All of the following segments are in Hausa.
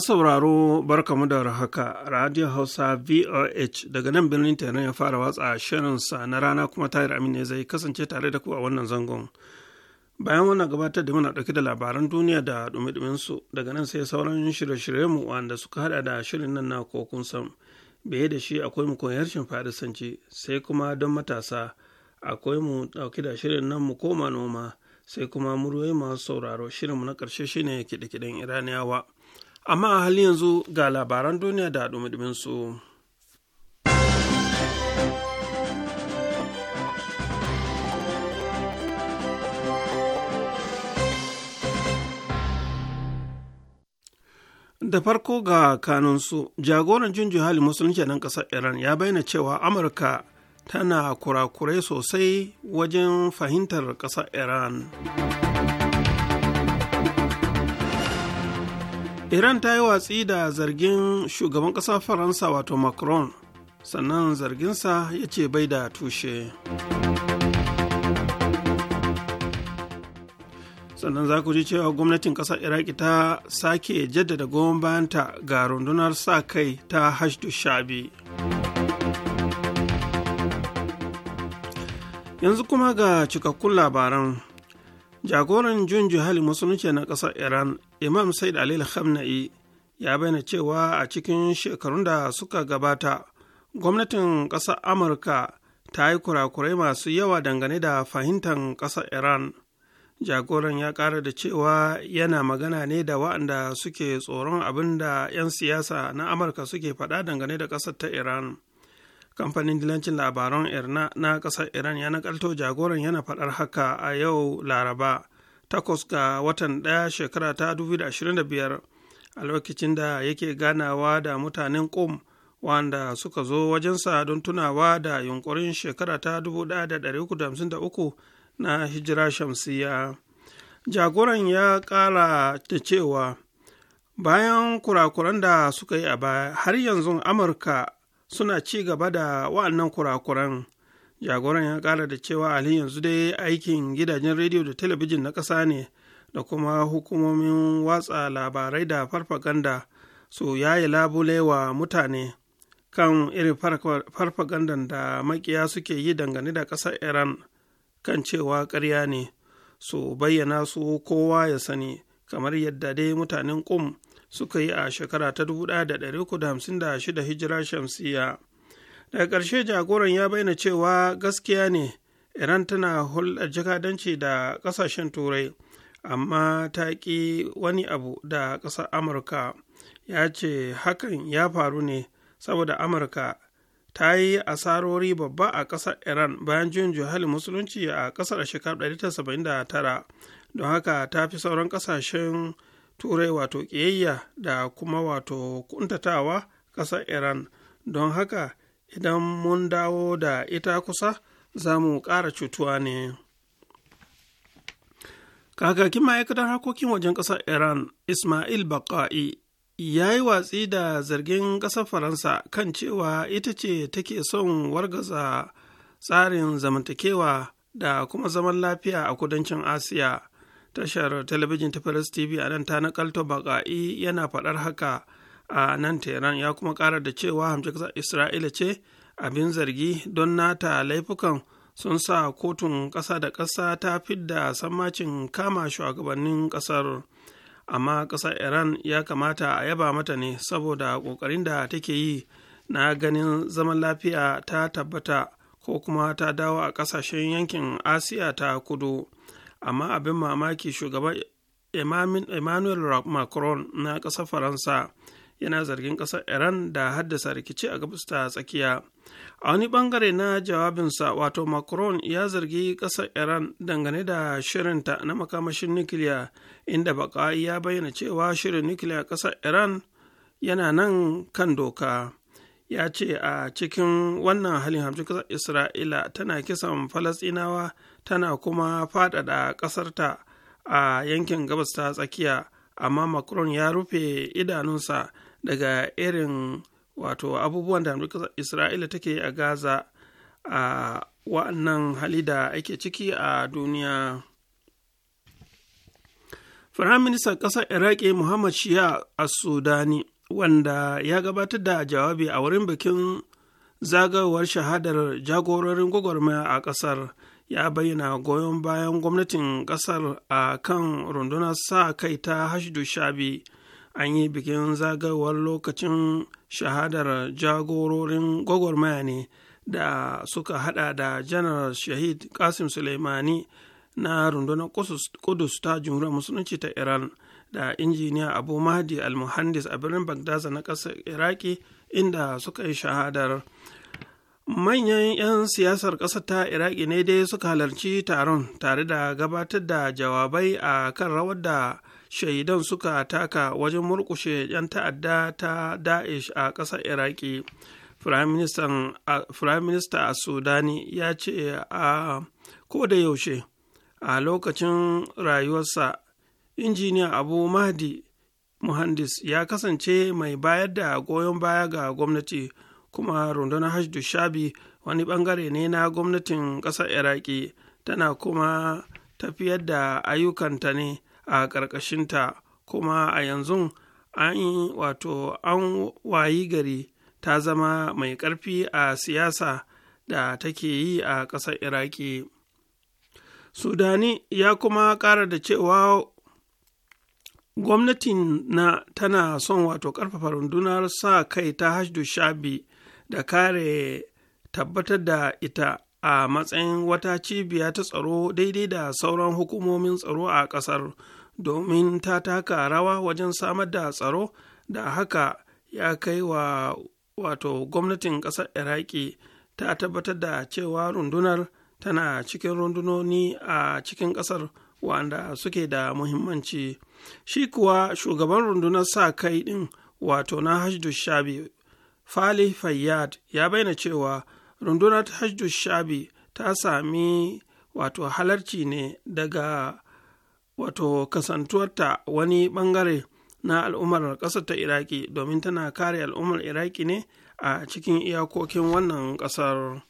sauraro sauraro mu da haka radio hausa voh daga nan birnin tehran ya fara watsa shirinsa na rana kuma tayar amin ne zai kasance tare da ku a wannan zangon bayan wannan gabatar da muna dauke da labaran duniya da dumi su daga nan sai sauran shirye mu wanda suka hada da shirin nan na kokun sam biye da shi akwai mu koyar harshen farisanci sai kuma don matasa akwai mu ɗauki da shirin nan mu koma noma sai kuma muryoyi masu sauraro shirin mu na ƙarshe shine kiɗe-kiɗen iraniyawa amma a halin yanzu ga labaran duniya da dumi su. da farko ga kanunsu jagoran jinjin hali musulunci nan kasar iran ya bayyana cewa amurka tana kurakurai sosai wajen fahimtar kasar iran iran ta yi watsi da zargin shugaban ƙasar faransa wato macron sannan zarginsa ya ce bai da tushe sannan za ku ji cewa gwamnatin ƙasar iraki ta sake jaddada goyon bayanta ga rundunar sa kai ta hashdu shabi yanzu kuma ga cikakkun labaran jagoran jun hali musulunci na ƙasar iran imam said alil khamna'i ya bayyana cewa a cikin shekarun da suka gabata gwamnatin ƙasar amurka ta yi kurakurai masu yawa dangane da fahimtar ƙasar iran jagoran ya ƙara da cewa yana magana ne da wa'anda suke tsoron abin da 'yan siyasa na amurka suke faɗa dangane da ƙasar ta iran kamfanin dilancin labaran irna na ƙasar iran ya nakalto jagoran yana faɗar haka a yau laraba takwas ga watan ɗaya shekara ta 2025 a lokacin da yake ganawa da mutanen ƙum wanda suka zo wajensa don tunawa da yunkurin shekara ta 1353 na hijira shamsiya jagoran ya ƙara da cewa bayan kurakuran da suka yi a baya har yanzu amurka suna ci gaba da wa'annan kurakuran jagoran ya kara da cewa halin yanzu dai aikin gidajen rediyo da talabijin na ƙasa ne da kuma hukumomin watsa labarai da farfaganda su yayi labule wa mutane kan irin farfagandan da makiya suke yi dangane da ƙasar iran kan cewa karya ne su bayyana su kowa ya sani kamar yadda dai mutanen ƙum suka yi a shekara ta 1356 hijira shamsiya daga ƙarshe jagoran ya bayyana cewa gaskiya ne iran tana hulɗar jakadanci da ƙasashen turai amma ta ƙi wani abu da ƙasar amurka ya ce hakan ya faru ne saboda amurka ta yi asarori babba a ƙasar iran bayan juyin juhali musulunci a ƙasar a shekarar 1979 don haka ta fi sauran ƙasashen turai wato ƙiyayya da kuma wato kuntatawa ƙasar iran don haka idan mun dawo da ita kusa za mu ƙara cutuwa ne kakakin ma'aikatar harkokin wajen ƙasar iran ismail baka'i ya yi watsi da zargin ƙasar faransa kan cewa ita ce take son wargaza tsarin zamantakewa da kuma zaman lafiya a kudancin asiya tashar talabijin ta Paris TV a nan ta nakalto baka'i yana faɗar haka a nan Tehran ya kuma ƙara da cewa hamshe Isra'ila ce abin zargi don nata laifukan sun sa kotun ƙasa da ƙasa ta fidda sammacin kama shugabannin ƙasar amma ƙasar Iran ya kamata a yaba mata ne saboda ƙoƙarin da take yi na ganin zaman lafiya ta tabbata ko kuma ta dawo a ƙasashen yankin Asiya ta kudu. amma abin mamaki shugaban emmanuel macron na ƙasar faransa yana zargin ƙasar iran da haddasa rikici a gabas ta tsakiya a wani bangare na jawabinsa wato macron ya zargi ƙasar iran dangane da shirinta na makamashin nukiliya inda baka ya bayyana cewa shirin nukiliya ƙasar iran yana nan kan doka ya ce a cikin wannan halin hamshin kasar isra'ila tana kisan falasinawa. tana kuma faɗaɗa ƙasarta a yankin gabas ta tsakiya amma macron ya rufe idanunsa daga irin wato abubuwan da isra'ila take a gaza a wa'annan hali da ake ciki a duniya firaministan ƙasar iraki muhammad shia a sudani wanda ya gabatar da jawabi a wurin bikin zagayowar shahadar jagororin gwagwarmaya a ƙasar ya bayyana goyon bayan gwamnatin kasar a kan rundunar sa kai ta hashdu shabi an yi bikin zagayowar lokacin shahadar jagororin gwagwarmaya ne da suka hada da janar shahid kasim suleimani na rundunar kudus ta jumhuriyar musulunci ta iran da injiniya abu mahdi al-muhandis a birnin bagdaza na ƙasar iraki inda suka yi shahadar manyan 'yan siyasar ƙasar ta iraki ne dai suka halarci taron tare da gabatar da jawabai a kan rawar da shaidan suka taka wajen murkushe 'yan ta'adda ta daesh a ƙasar iraki firayim minista a sudani ya ce a da yaushe a lokacin rayuwarsa injiniya abu mahdi muhandis ya kasance mai bayar da goyon baya ga gwamnati kuma rundunar hajj shabi wani bangare ne na gwamnatin ƙasar iraki tana kuma tafiyar da ayyukanta ne a ƙarƙashinta kuma a yanzu an wato an wayi gari ta zama mai ƙarfi a siyasa da take yi a ƙasar iraki sudani ya kuma ƙara da cewa gwamnatin na tana son wato ƙarfafa rundunar sa kai ta hajj shabi da kare tabbatar da ita a matsayin wata cibiya ta tsaro daidai da sauran hukumomin tsaro a ƙasar domin ta taka rawa wajen samar da tsaro da haka ya kai wa wato gwamnatin ƙasar iraki ta tabbatar da cewa rundunar tana cikin rundunoni a cikin ƙasar wanda suke da muhimmanci shi kuwa shugaban rundunar sa kai ɗin wato na hajjus shabi fali fayyad ya bayyana cewa rundunar hajju shabi ta sami wato halarci ne daga wato kasantuwarta wani bangare na al'ummar ƙasar ta iraki domin tana kare al'ummar iraki ne a cikin iyakokin wannan ƙasar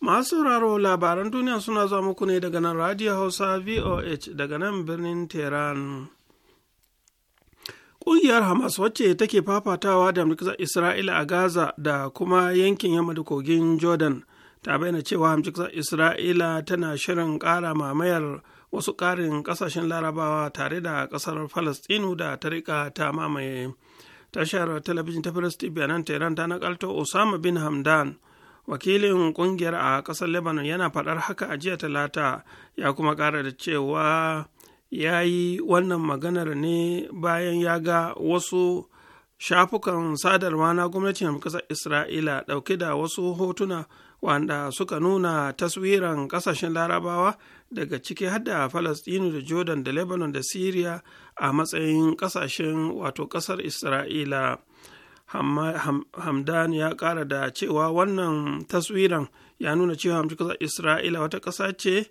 masu sauraro labaran duniya suna zuwa muku ne daga nan radio hausa voh daga nan birnin tehran Ƙungiyar Hamas wacce take fafatawa da hamjikisar Isra'ila a Gaza da kuma yankin yamma da kogin Jordan ta bayyana cewa hamjikisar Isra'ila tana shirin ƙara mamayar wasu ƙarin ƙasashen larabawa tare da ƙasar Falastinu da ta riƙa ta mamaye. Tashar talabijin ta Filistin bayanan Tehran ta nakalto Osama bin Hamdan wakilin ƙungiyar a ƙasar Lebanon yana faɗar haka a jiya talata ya kuma ƙara da cewa ya yi wannan maganar ne bayan ya ga wasu shafukan sadarwa na gwamnatin ƙasar isra'ila ɗauke da wasu hotuna wanda suka nuna taswiran ƙasashen larabawa daga ciki hada falastinu da jordan da lebanon da syria a matsayin ƙasashen wato ƙasar isra'ila hamdan ya ƙara da cewa wannan taswiran ya nuna cewa ƙasar isra'ila wata ƙasa ce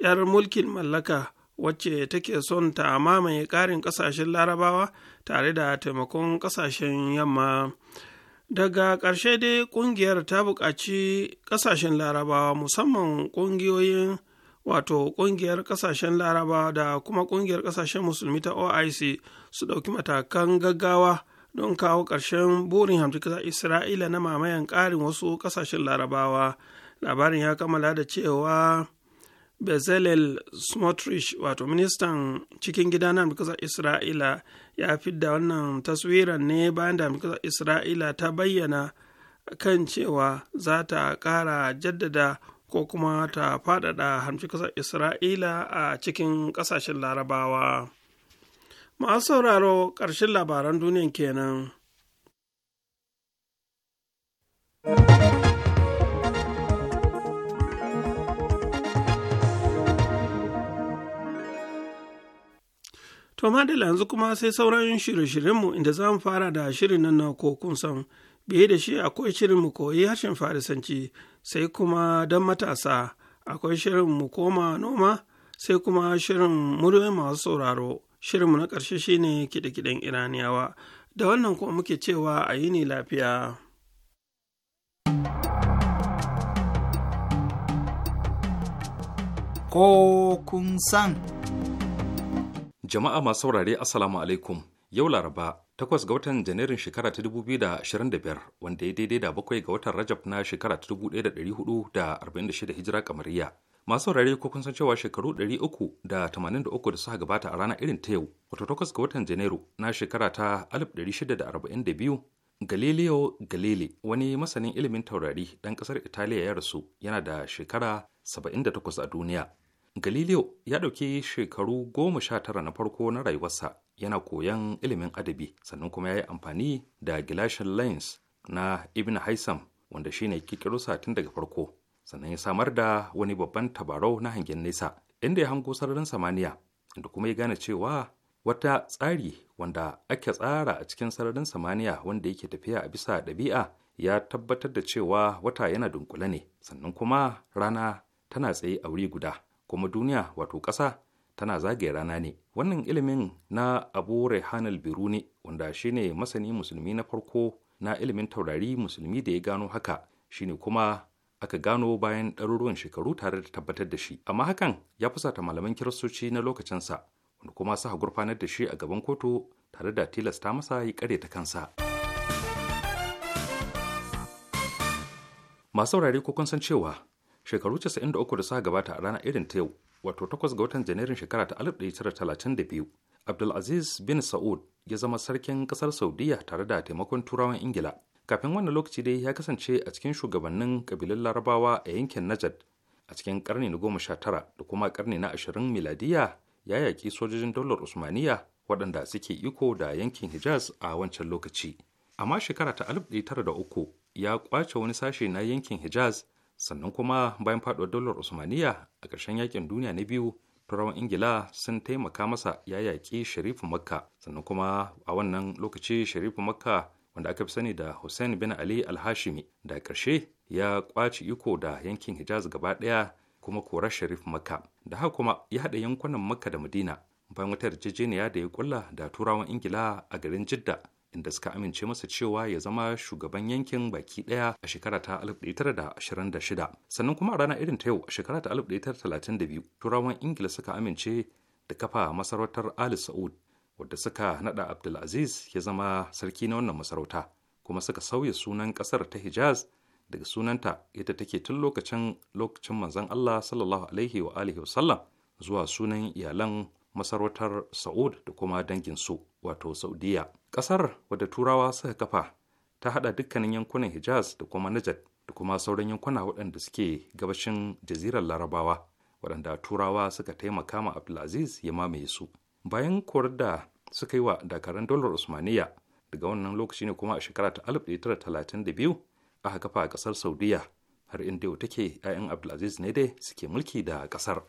'yar mulkin mallaka wacce take son ta mamaye ƙarin ƙasashen larabawa tare da taimakon ƙasashen yamma daga ƙarshe dai ƙungiyar ta buƙaci ƙasashen larabawa musamman ƙungiyoyin wato ƙungiyar ƙasashen larabawa da kuma ƙungiyar ƙasashen musulmi ta oic su ɗauki matakan gaggawa don kawo ƙarshen burin hamdukar isra'ila na mamayan ƙarin wasu ƙasashen larabawa labarin ya kammala da cewa bezalel smotrich wato ministan cikin gida na amurka isra'ila ya fidda wannan taswiran ne bayan da amurka isra'ila ta bayyana kan cewa za ta kara jaddada ko kuma ta faɗaɗa hamshi ƙasar isra'ila a cikin ƙasashen larabawa masu sauraro ƙarshen labaran duniya kenan. To da yanzu kuma sai sauran shirye-shiryenmu inda za mu fara da shirin nan na kokun san biye da shi akwai shirin mu koyi harshen farisanci sai kuma don matasa akwai shirin mu koma noma sai kuma shirin muryoyi masu sauraro shirin shirinmu na ƙarshe shine kiɗe-kiɗen iraniyawa da wannan kuma muke cewa a yi ne lafiya. Ko kun san. Jama'a masu saurare Assalamu alaikum. Yau Laraba, takwas ga watan Janairun shekara ta 2025 wanda ya daidai da bakwai ga watan Rajab na shekara ta 1446 Hijira kamariya. Masu saurare ko kun san cewa shekaru 383 da suka gabata a rana irin ta yau, wato takwas ga watan Janairu na shekara ta 1642 Galileo Galilei wani masanin ilimin taurari ɗan ƙasar Italiya ya rasu yana da shekara 78 a duniya. Galileo ya ɗauki shekaru goma sha tara na farko na rayuwarsa yana koyon ilimin adabi sannan kuma ya yi amfani da gilashin lens na Ibn Haisam wanda shi shine sa tun daga farko sannan ya samar da wani babban tabarau na hangen nesa inda ya hango sararin samaniya da kuma ya gane cewa wata tsari wanda ake tsara a cikin sararin samaniya wanda yake tafiya a bisa ɗabi'a ya tabbatar da cewa wata yana dunkule ne sannan kuma rana tana tsaye a wuri guda kuma duniya wato ƙasa tana zagaye rana ne wannan ilimin na abu rehanal ne wanda shine masani musulmi na farko na ilimin taurari musulmi da ya gano haka shine kuma aka gano bayan ɗaruruwan shekaru tare da tabbatar da shi amma hakan ya fusata malaman kiristoci na lokacinsa wanda kuma suka gurfanar da shi a gaban kotu tare da tilasta masa ya kare ta kansa masu saurare ko kun san cewa shekaru 93 da suka gabata a ranar irin ta yau wato 8 ga watan janairun shekara ta 1932 abdulaziz bin sa'ud ya zama sarkin kasar saudiya tare da taimakon turawan ingila kafin wannan lokaci dai ya kasance a cikin shugabannin kabilun larabawa a yankin najad a cikin karni na goma sha tara da kuma karni na ashirin miladiya ya yaƙi sojojin daular usmaniya waɗanda suke iko da yankin hijaz a wancan lokaci amma shekara ta da uku ya kwace wani sashe na yankin hijaz sannan kuma bayan faduwar daular usmaniya a ƙarshen yakin duniya na biyu turawan ingila sun taimaka masa ya yaƙi sharifu makka sannan kuma a wannan lokaci sharifu makka wanda aka fi sani da hussein bin ali alhashimi da ƙarshe ya ƙwace iko da yankin hijaz gaba ɗaya kuma korar sharif makka da haka kuma ya haɗa yankunan makka da madina bayan wata yarjejeniya da ya kulla da turawan ingila a garin jidda inda suka amince masa cewa ya zama shugaban yankin baki daya a shekara ta 1926 sannan kuma a rana irin ta yau a shekara ta 1932 turawan ingila suka amince da kafa masarautar ali sa'ud wadda suka nada abdulaziz ya zama sarki na wannan masarauta kuma suka sauya sunan kasar ta hijaz daga sunanta yadda take tun lokacin lokacin manzon allah sallallahu alaihi wa alihi zuwa sunan iyalan masarautar Sa'ud da kuma danginsu wato Saudiya. Ƙasar wadda Turawa suka kafa ta haɗa dukkanin yankunan Hijaz da kuma Najad da kuma sauran yankuna waɗanda suke gabashin jazirar Larabawa waɗanda Turawa suka taimaka ma Abdulaziz ya mamaye su. Bayan korar da suka yi wa dakaran dolar Usmaniya daga wannan lokaci ne kuma a shekara ta 1932 aka kafa a ƙasar Saudiya har inda take 'ya'yan Abdulaziz ne dai suke mulki da ƙasar.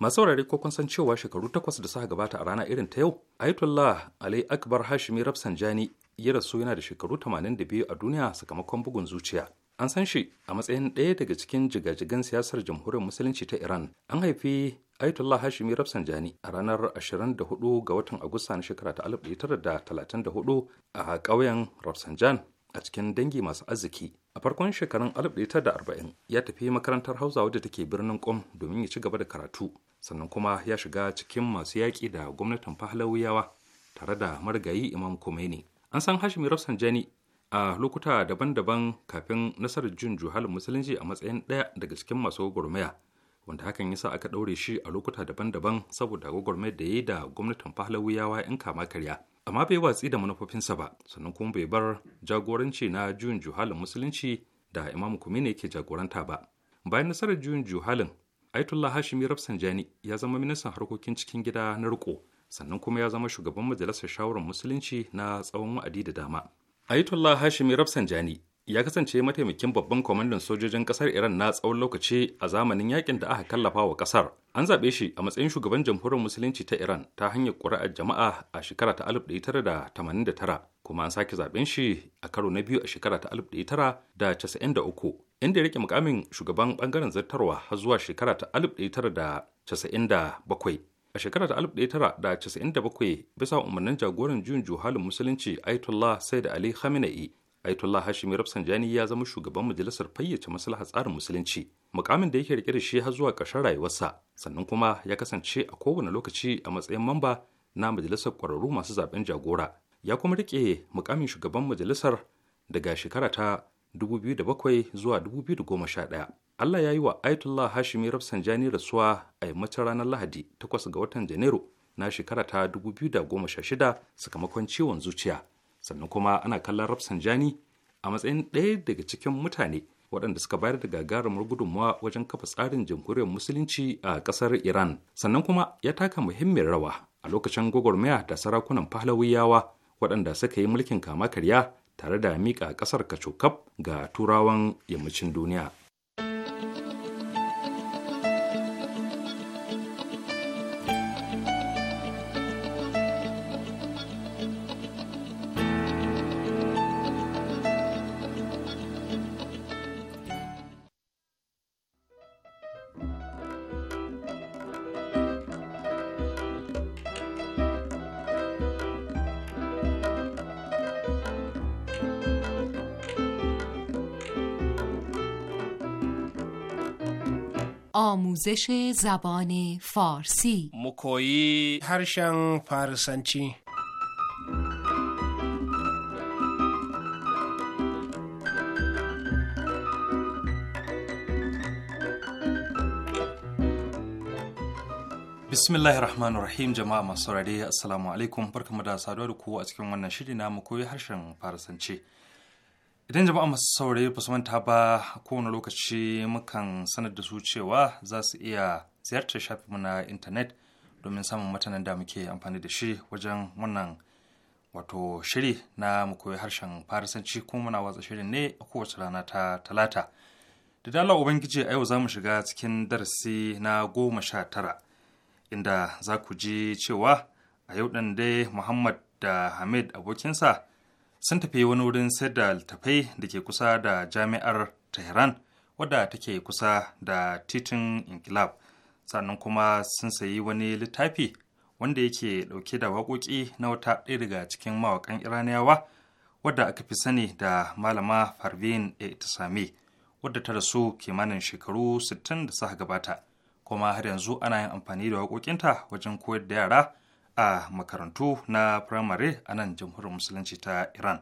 masu saurare ko kun san cewa shekaru takwas da suka gabata a rana irin ta yau ayatollah ali akbar hashimi rafsanjani ya rasu yana da shekaru 82 a duniya sakamakon bugun zuciya an san shi a matsayin ɗaya daga cikin jigajigan siyasar jamhuriyar musulunci ta iran an haifi ayatollah hashimi rafsanjani a ranar 24 ga watan agusta na shekara ta 1934 a ƙauyen rafsanjan a cikin dangi masu arziki a farkon shekarun 1940 ya tafi makarantar hausa wadda take birnin kom domin ya ci gaba da karatu sannan kuma ya shiga cikin masu yaƙi da gwamnatin pahlawiyawa tare da marigayi imam khomeini an san hashimi rafsanjani a lokuta daban-daban kafin nasarar jin juhalin musulunci a matsayin ɗaya daga cikin masu gwagwarmaya wanda hakan ya sa aka ɗaure shi a lokuta daban-daban saboda gwagwarmaya da ya yi da gwamnatin pahlawiyawa 'yan kama karya amma bai watsi da manufofinsa ba sannan kuma bai bar jagoranci na juyin juhalin musulunci da imam ne ke jagoranta ba bayan nasarar juyin juhalin aitullah hashimi Jani ya zama ministan harkokin cikin gida na riko sannan kuma ya zama shugaban majalisar shawarar musulunci na tsawon wa'adi da dama aitullah Hashimi Jani. ya kasance mataimakin babban kwamandan sojojin kasar iran na tsawon lokaci a zamanin yakin da aka kallafa wa kasar an zaɓe shi a matsayin shugaban jamhuriyar musulunci ta iran ta hanyar ƙuri'ar jama'a a shekara ta 1989 kuma an sake zaɓen shi a karo na biyu a shekara ta 1993 inda ya rike mukamin shugaban ɓangaren zartarwa har zuwa shekara ta 1997 a shekara ta 1997 bisa umarnin jagoran juyin juhalin musulunci Aitullah sayyid Ali Khamenei Aitullah Hashimi Rafsanjani ya zama shugaban majalisar fayyace maslahar tsarin musulunci, mukamin da yake rike da shi har zuwa ƙarshen rayuwarsa, sannan kuma ya kasance a kowane lokaci a matsayin mamba na majalisar ƙwararru masu zaben jagora. Ya kuma rike mukamin shugaban majalisar daga shekara ta 2007 zuwa 2011. Allah ya yi wa Aitullah Hashimi Rafsanjani rasuwa a yammacin ranar Lahadi 8 ga watan Janairu na shekara ta 2016 sakamakon ciwon zuciya. sannan kuma ana kallon rafsanjani a matsayin ɗaya daga cikin mutane waɗanda suka bayar da gagarumar gudunmawa wajen kafa tsarin jamhuriyar musulunci a ƙasar iran sannan kuma ya taka muhimmin rawa a lokacin gwagwarmaya da sarakunan pahlawiyawa waɗanda suka yi mulkin kama karya tare da miƙa ƙasar kacokaf ga turawan yammacin duniya آموزش زبان فارسی مکویی هرشن فارسنچی bismillahi Rahmanir Rahim jama'a masu saurare Assalamu alaikum barkamu da saduwa da ku a cikin wannan shiri na mu koyi harshen Farasanci. idan jama'a masu saurayi ba su manta ba kowane lokaci mukan sanar da su cewa za su iya ziyartar shafinmu na intanet domin samun matanan da muke amfani da shi wajen wannan wato shiri na mu koyi harshen farisanci kuma muna watsa shirin ne a kowace rana ta talata da dala ubangiji a yau za mu shiga cikin darasi na goma sha tara inda za ku ji cewa a yau ɗan dai muhammad da hamid abokinsa sun tafi wani wurin sayar da littattafai da ke kusa da jami'ar tehran wadda take kusa da titin inkilab sannan kuma sun sayi wani littafi wanda yake dauke da waƙoƙi na wata ɗaya daga cikin mawaƙan iraniyawa wadda aka fi sani da malama farvin sami wadda ta rasu kimanin shekaru 60 da suka gabata kuma har yanzu ana yin amfani da waƙoƙinta wajen koyar da yara a makarantu na firamare a nan jamhuriyar musulunci ta iran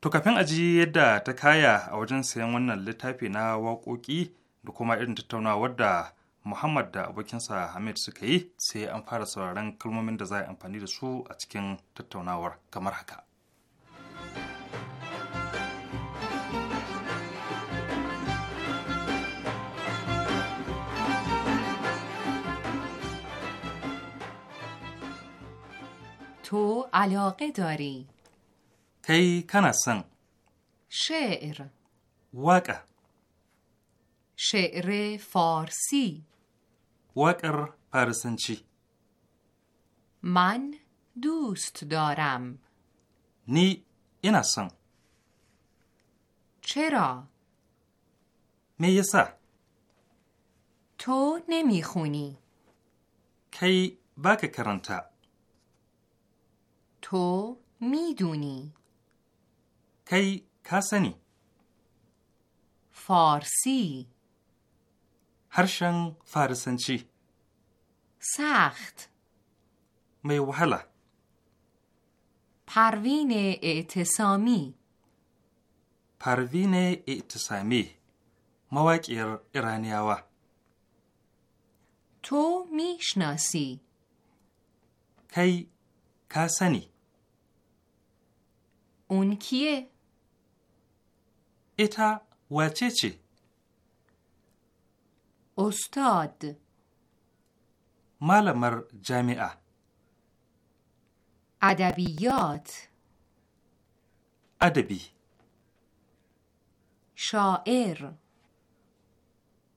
to kafin a ji yadda ta kaya a wajen sayan wannan littafi na waƙoƙi da kuma irin tattaunawar da muhammad da abokinsa hamid suka yi sai an fara sauraron kalmomin da za a amfani da su a cikin tattaunawar kamar haka. تو علاقه داری کی کنا شعر واقع شعر فارسی وکر پرسنچی من دوست دارم نی اینسن چرا؟ میسه تو نمیخونی کی بک کرنتا تو میدونی کی کسنی فارسی هرشن فارسنچی سخت می وحله پروین اعتصامی پروین اعتصامی مواقع ایرانیاوه تو میشناسی کی کسنی اون کیه؟ اتا وچه چی؟ استاد مالمر جامعه ادبیات ادبی شاعر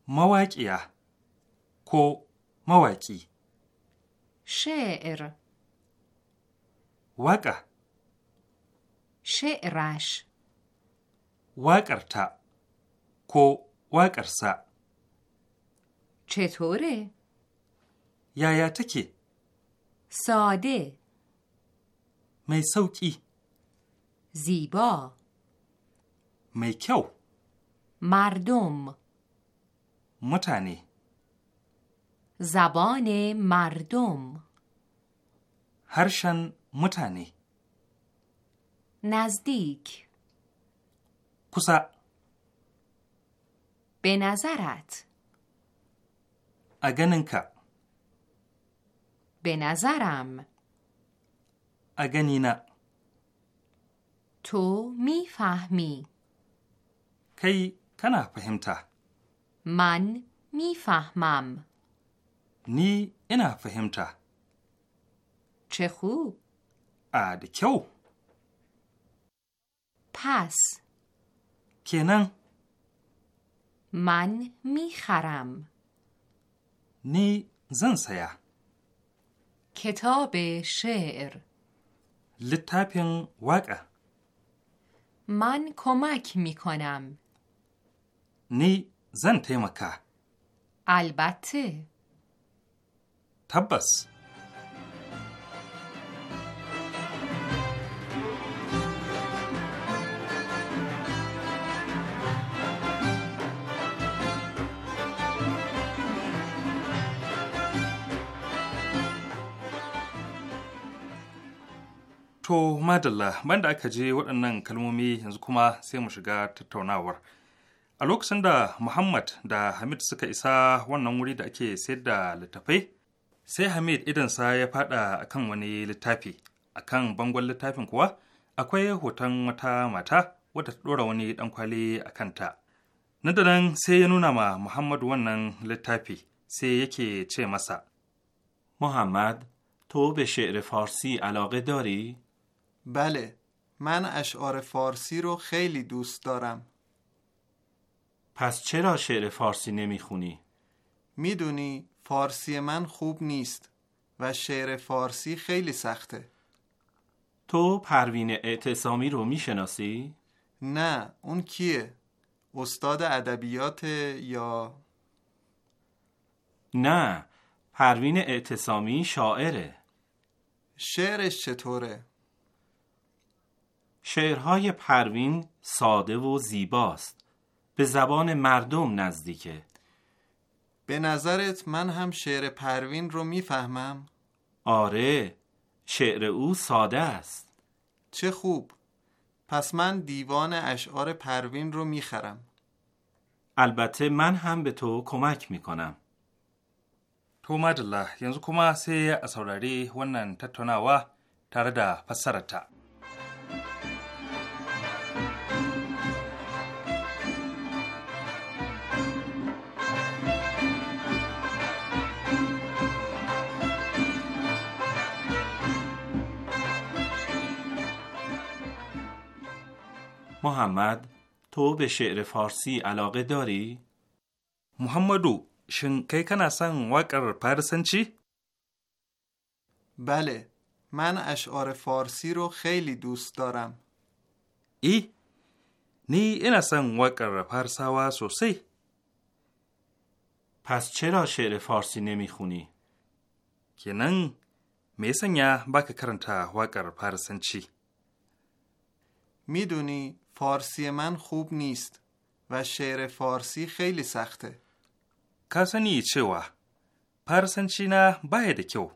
مواقعی کو مواقعی شعر وقع شعرش واقرتا کو واقرسا چطوره؟ یایا تکی ساده می سوکی زیبا می مردم متانی زبان مردم هرشن متانی نزدیک کوسا به نظرت اگننکا به نظرم اگنینا تو میفهمی کی کنا فهمتا من میفهمم نی اینا فهمتا چه خوب اد کیو پس کنن من میخرم نی زن سیا کتاب شعر لطاپین واقع من کمک میکنم نی زن تیمکا البته تبس To madalla banda aka je waɗannan kalmomi yanzu kuma sai mu shiga tattaunawar. A lokacin da Muhammad da Hamid suka isa wannan wuri da ake sayar da littafai, sai Hamid idansa ya faɗa akan wani littafi. Akan bangon littafin kuwa akwai hoton wata mata wadda ta ɗora wani ɗan kwali a kanta. Nan da nan sai ya nuna ma Muhammad wannan littafi sai yake ce masa. Muhammad, to be شعر farsi علاقه dori? بله من اشعار فارسی رو خیلی دوست دارم پس چرا شعر فارسی نمیخونی؟ میدونی فارسی من خوب نیست و شعر فارسی خیلی سخته تو پروین اعتصامی رو میشناسی؟ نه اون کیه؟ استاد ادبیات یا نه پروین اعتصامی شاعره شعرش چطوره؟ شعرهای پروین ساده و زیباست به زبان مردم نزدیکه به نظرت من هم شعر پروین رو میفهمم؟ آره شعر او ساده است چه خوب پس من دیوان اشعار پروین رو میخرم البته من هم به تو کمک میکنم تو مدله ینزو یعنی کما سی اسوراری ونن تاره ترده پسرته محمد تو به شعر فارسی علاقه داری؟ محمدو شن کی کنا وکر پرسن پرسنچی؟ بله من اشعار فارسی رو خیلی دوست دارم ای نی اصلا وکر پرسا و سوسی پس چرا شعر فارسی نمیخونی؟ نن میسن یا بک وکر پرسن پرسنچی میدونی فارسی من خوب نیست و شعر فارسی خیلی سخته. کسانی چه و؟ پرسنچی نه باید کیو.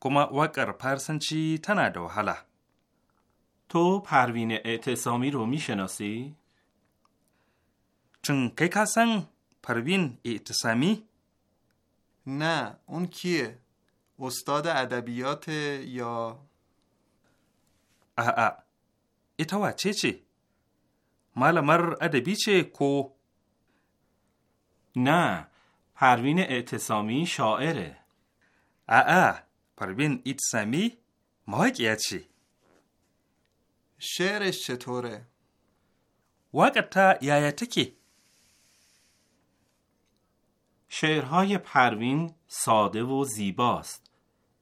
کما وکر پرسنچی تنادو حالا. تو پروین اعتصامی رو میشناسی؟ چون که کسان پروین اعتصامی؟ نه اون کیه؟ استاد ادبیات یا؟ آه آه. ایتوا چه چی؟ مالمر ادبی چه کو نه پروین اعتصامی شاعره اه پروین اعتصامی مایک چی شعرش چطوره واقعا یایا تکی شعرهای پروین ساده و زیباست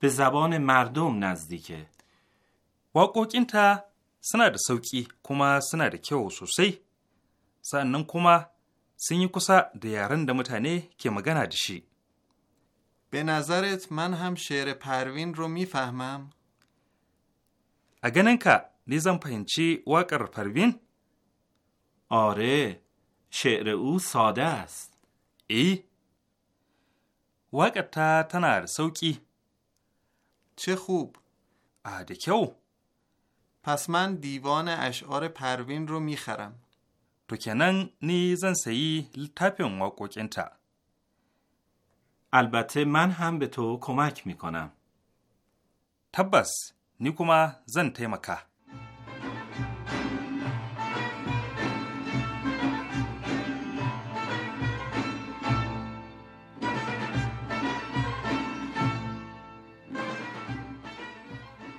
به زبان مردم نزدیکه واقعا تا Suna da sauƙi kuma suna da kyau sosai, sannan kuma sun yi kusa da yaren da mutane ke magana da shi. Be Nazareti man hamshere farbin rumi, fahimmar? A ganinka ne zan fahimci waƙar farbin? Hore, shi yare ush soda. Eh. Waƙar ta tana da sauƙi. Chekub, a da kyau. پس من دیوان اشعار پروین رو میخرم. تو کنن نیزن سیی لطپ اون البته من هم به تو کمک میکنم. تبس نیکوما زن تیمکه.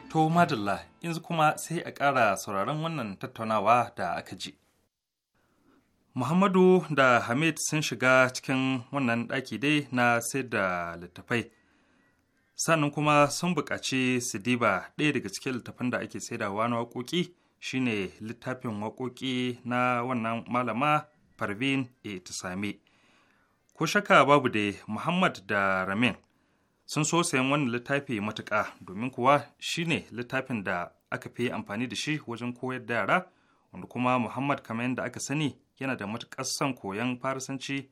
To madalla yanzu kuma sai a ƙara sauraron wannan tattaunawa da aka ji. Muhammadu da Hamid sun shiga cikin wannan ɗaki dai na sayar da littattafai. Sannan kuma sun buƙaci su diba ɗaya daga cikin littafin da ake saidawa na waƙoƙi shine littafin waƙoƙi na wannan malama Parvin Etisame. Ko shaka babu da Muhammad da Ramin sun so sayan wannan littafi matuƙa domin kuwa shi ne littafin da aka fi amfani da shi wajen koyar da yara wanda kuma muhammad kamar yadda aka sani yana da matuƙar son koyon farisanci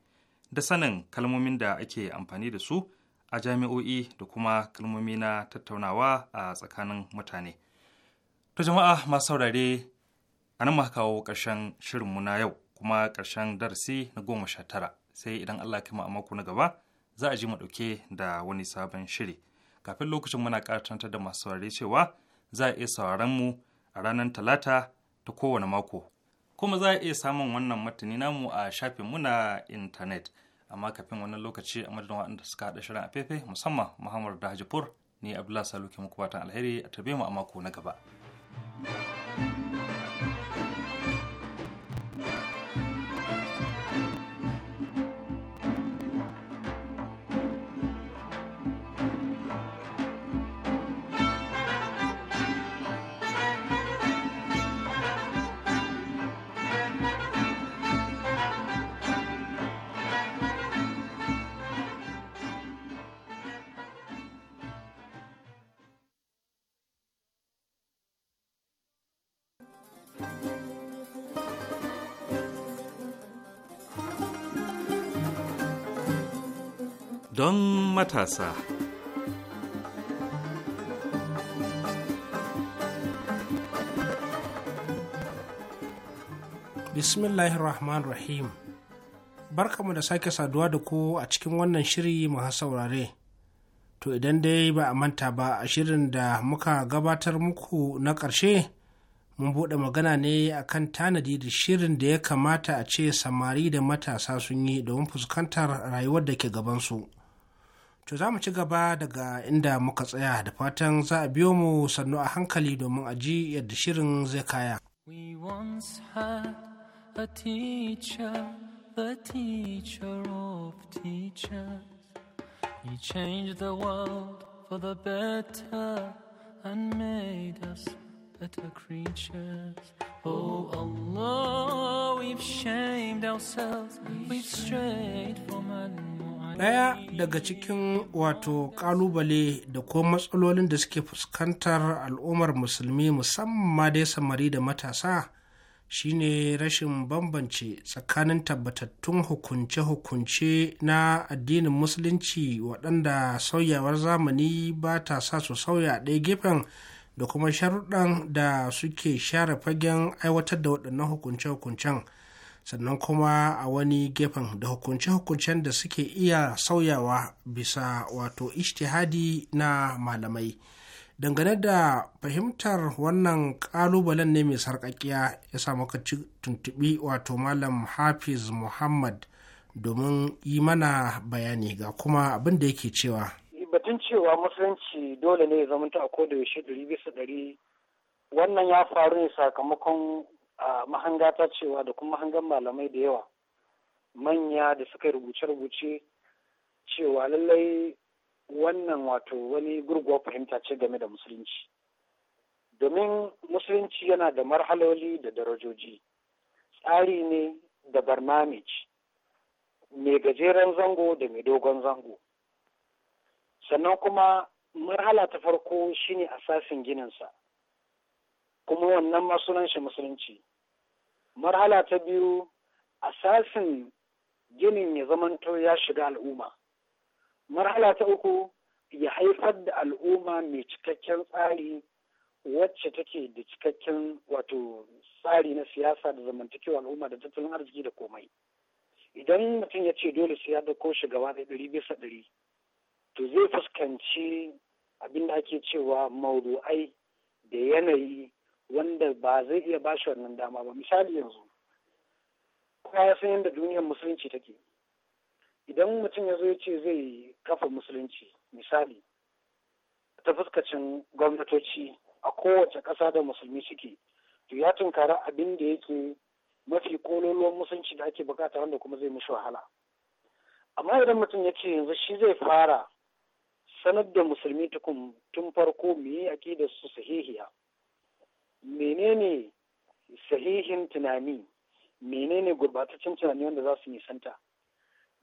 da sanin kalmomin da ake amfani da su a jami'o'i da kuma kalmomi na tattaunawa a tsakanin mutane to jama'a masu saurare a nan maka kawo ƙarshen shirinmu na yau kuma ƙarshen darasi na goma sha tara sai idan allah kima a mako na gaba za a ji mu ɗauke da wani sabon shiri kafin lokacin muna ƙatantar da masu saurare cewa za a iya sauraron mu a ranar talata ta kowane mako kuma za a iya samun wannan matani namu a shafin mu na intanet amma kafin wannan lokaci a madadin waɗanda suka haɗa shirin a fefe musamman muhammad dahajipur ne abdullahi saluki muku alheri a tabe mu a mako na gaba. thank you matasa. Bismillahir Rahmanir Rahim. Barkamu da sake saduwa da ku a cikin wannan shiri masu saurare. To idan dai ba a manta ba a shirin da muka gabatar muku na ƙarshe, mun buɗe magana ne a kan tanadi da shirin da ya kamata a ce samari da matasa sun yi domin fuskantar rayuwar da ke gabansu. To za mu ci gaba daga inda muka tsaya da fatan za a biyo mu sannu a hankali domin a ji yadda shirin zai kaya. We once had a teacher, the teacher of teachers. He changed the world for the better and made us better creatures. Oh Allah, we've shamed ourselves, we've strayed from and more. Daya daga cikin wato ƙalubale da ko matsalolin da suke fuskantar al'ummar musulmi musamman dai samari da matasa shine rashin bambance tsakanin tabbatattun hukunce-hukunce na addinin musulunci waɗanda sauyawar zamani ba ta sa su sauya ɗaya gefen da kuma sharuɗan da suke share fagen aiwatar da waɗannan hukunce-hukuncen sannan kuma a wani gefen da hukunce-hukuncen da suke iya sauyawa bisa wato ishtihadi na malamai dangane da fahimtar wannan kalubalen ne mai sarƙaƙiya ya sa muka tuntuɓi wato malam hafiz muhammad domin yi mana bayani ga kuma abin da yake cewa batun cewa musulunci dole ne ya zamanta a da yaushe wannan ya faru ne sakamakon a mahanga ta cewa da kuma mahangan malamai da yawa manya da suka rubuce-rubuce cewa lallai wannan wato wani gurguwa fahimta ce game da musulunci domin musulunci yana da marhaloli da darajoji tsari ne da barnamij mai gajeren zango da mai dogon zango sannan kuma marhala ta farko shine asasin sa. kuma wannan masunan shi musulunci marhala ta biyu a sasin ginin ya zamanto ya shiga al'umma marhala ta uku ya haifar da al'umma mai cikakken tsari wacce take da cikakken wato tsari na siyasa da zamantakewa al'umma da tattalin arziki da komai idan mutum ya ce dole sai ya ko shugaba da ɗari bisa ɗari to zai fuskanci abin da ake cewa maudu'ai da yanayi wanda ba zai iya ba shi wannan dama ba misali yanzu kuma ya san yadda duniyar musulunci take idan mutum ya zo ya ce zai kafa musulunci misali ta fuskacin gwamnatoci a kowace ƙasa da musulmi suke to ya tunkara abin da yake mafi kololuwan musulunci da ake bukata wanda kuma zai mishi wahala amma idan mutum ya ce yanzu shi zai fara sanar da musulmi tukun tun farko mu yi aƙidar su sahihiya menene sahihin tunani menene gurbataccen tunani wanda za su nisanta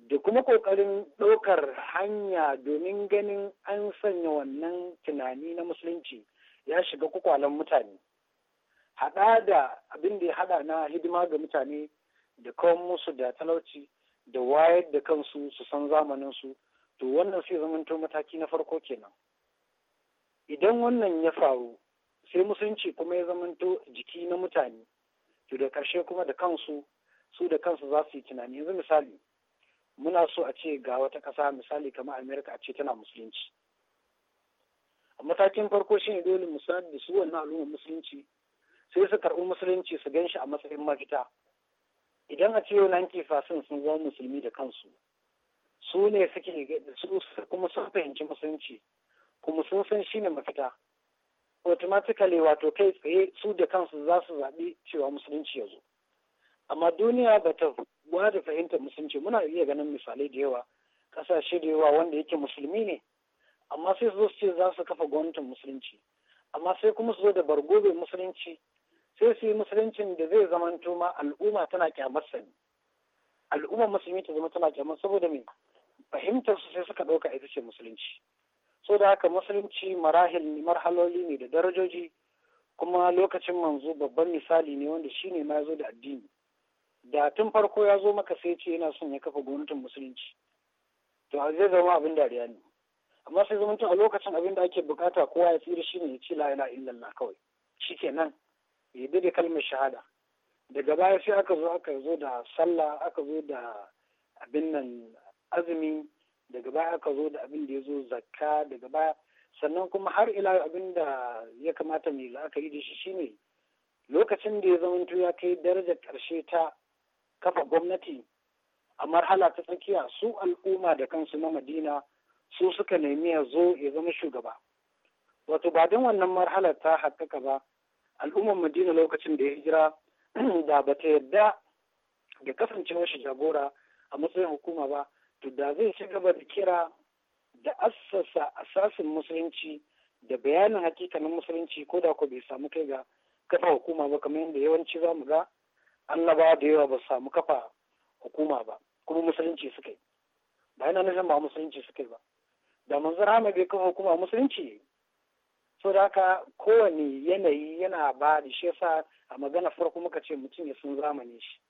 da kuma ƙoƙarin ɗaukar hanya domin ganin an sanya wannan tunani na musulunci ya shiga kwakwalen mutane haɗa da abin da ya haɗa na hidima ga mutane da kawan musu da talauci da wayar da kansu su san zamaninsu to wannan sai zamanto mataki na farko kenan idan wannan ya faru sai musulunci kuma ya zamanto jiki na mutane to da karshe kuma da kansu su da kansu za su yi tunani yanzu misali muna so a ce ga wata kasa misali kamar amerika a ce tana musulunci a matakin farko shine dole misali da su wannan al'ummar musulunci sai su karɓi musulunci su gan a matsayin mafita idan a ce yau fasin sun zama musulmi da kansu su ne suke su kuma sun fahimci musulunci kuma sun san shine mafita automatically wato kai tsaye su da kansu za su zaɓi cewa musulunci ya zo amma duniya ba ta da fahimtar musulunci muna iya ganin misalai da yawa ƙasashe da yawa wanda yake musulmi ne amma sai su zo su ce za su kafa gwamnatin musulunci amma sai kuma su zo da bargobe musulunci sai su yi musuluncin da zai zamanto ma al'umma tana kyamar sani al'umma musulmi ta zama tana kyamar saboda me fahimtar su sai suka ɗauka ita ce musulunci so da haka musulunci marahil marhaloli ne da darajoji kuma lokacin manzo babban misali ne wanda shi ne ma ya zo da addini da tun farko ya zo maka sai ce yana son ya kafa gwamnatin musulunci to zai zama abin dariya ne amma sai zama a lokacin abin da ake bukata kowa ya tsira shi ne ya ce la ilaha illallah kawai shikenan ya dade kalmar shahada daga baya sai aka zo aka zo da sallah aka zo da abin nan azumi daga baya aka zo da abin da ya zo zakka daga baya sannan kuma har ila abin da ya kamata mai la'akari da shi shine lokacin da ya zamanto ya kai darajar ƙarshe ta kafa gwamnati a marhala ta tsakiya su al'umma da kansu na madina su suka nemi ya zo ya zama shugaba wato ba don wannan marhala ta haƙƙaƙa ba al'ummar madina lokacin da ya jira da ba ta yarda da kasancewar shi jagora a matsayin hukuma ba to da zai ci gaba da kira da assasa asasin musulunci da bayanin hakikanin musulunci ko da ko bai samu kai ga kafa hukuma ba kamar yadda yawanci za mu ga annaba da yawa ba samu kafa hukuma ba kuma musulunci suka yi ba yana nufin ba musulunci suka yi ba da manzon rahama bai kafa hukuma musulunci so da haka kowane yanayi yana ba da shi yasa a magana farko muka ce mutum ya san zamanin shi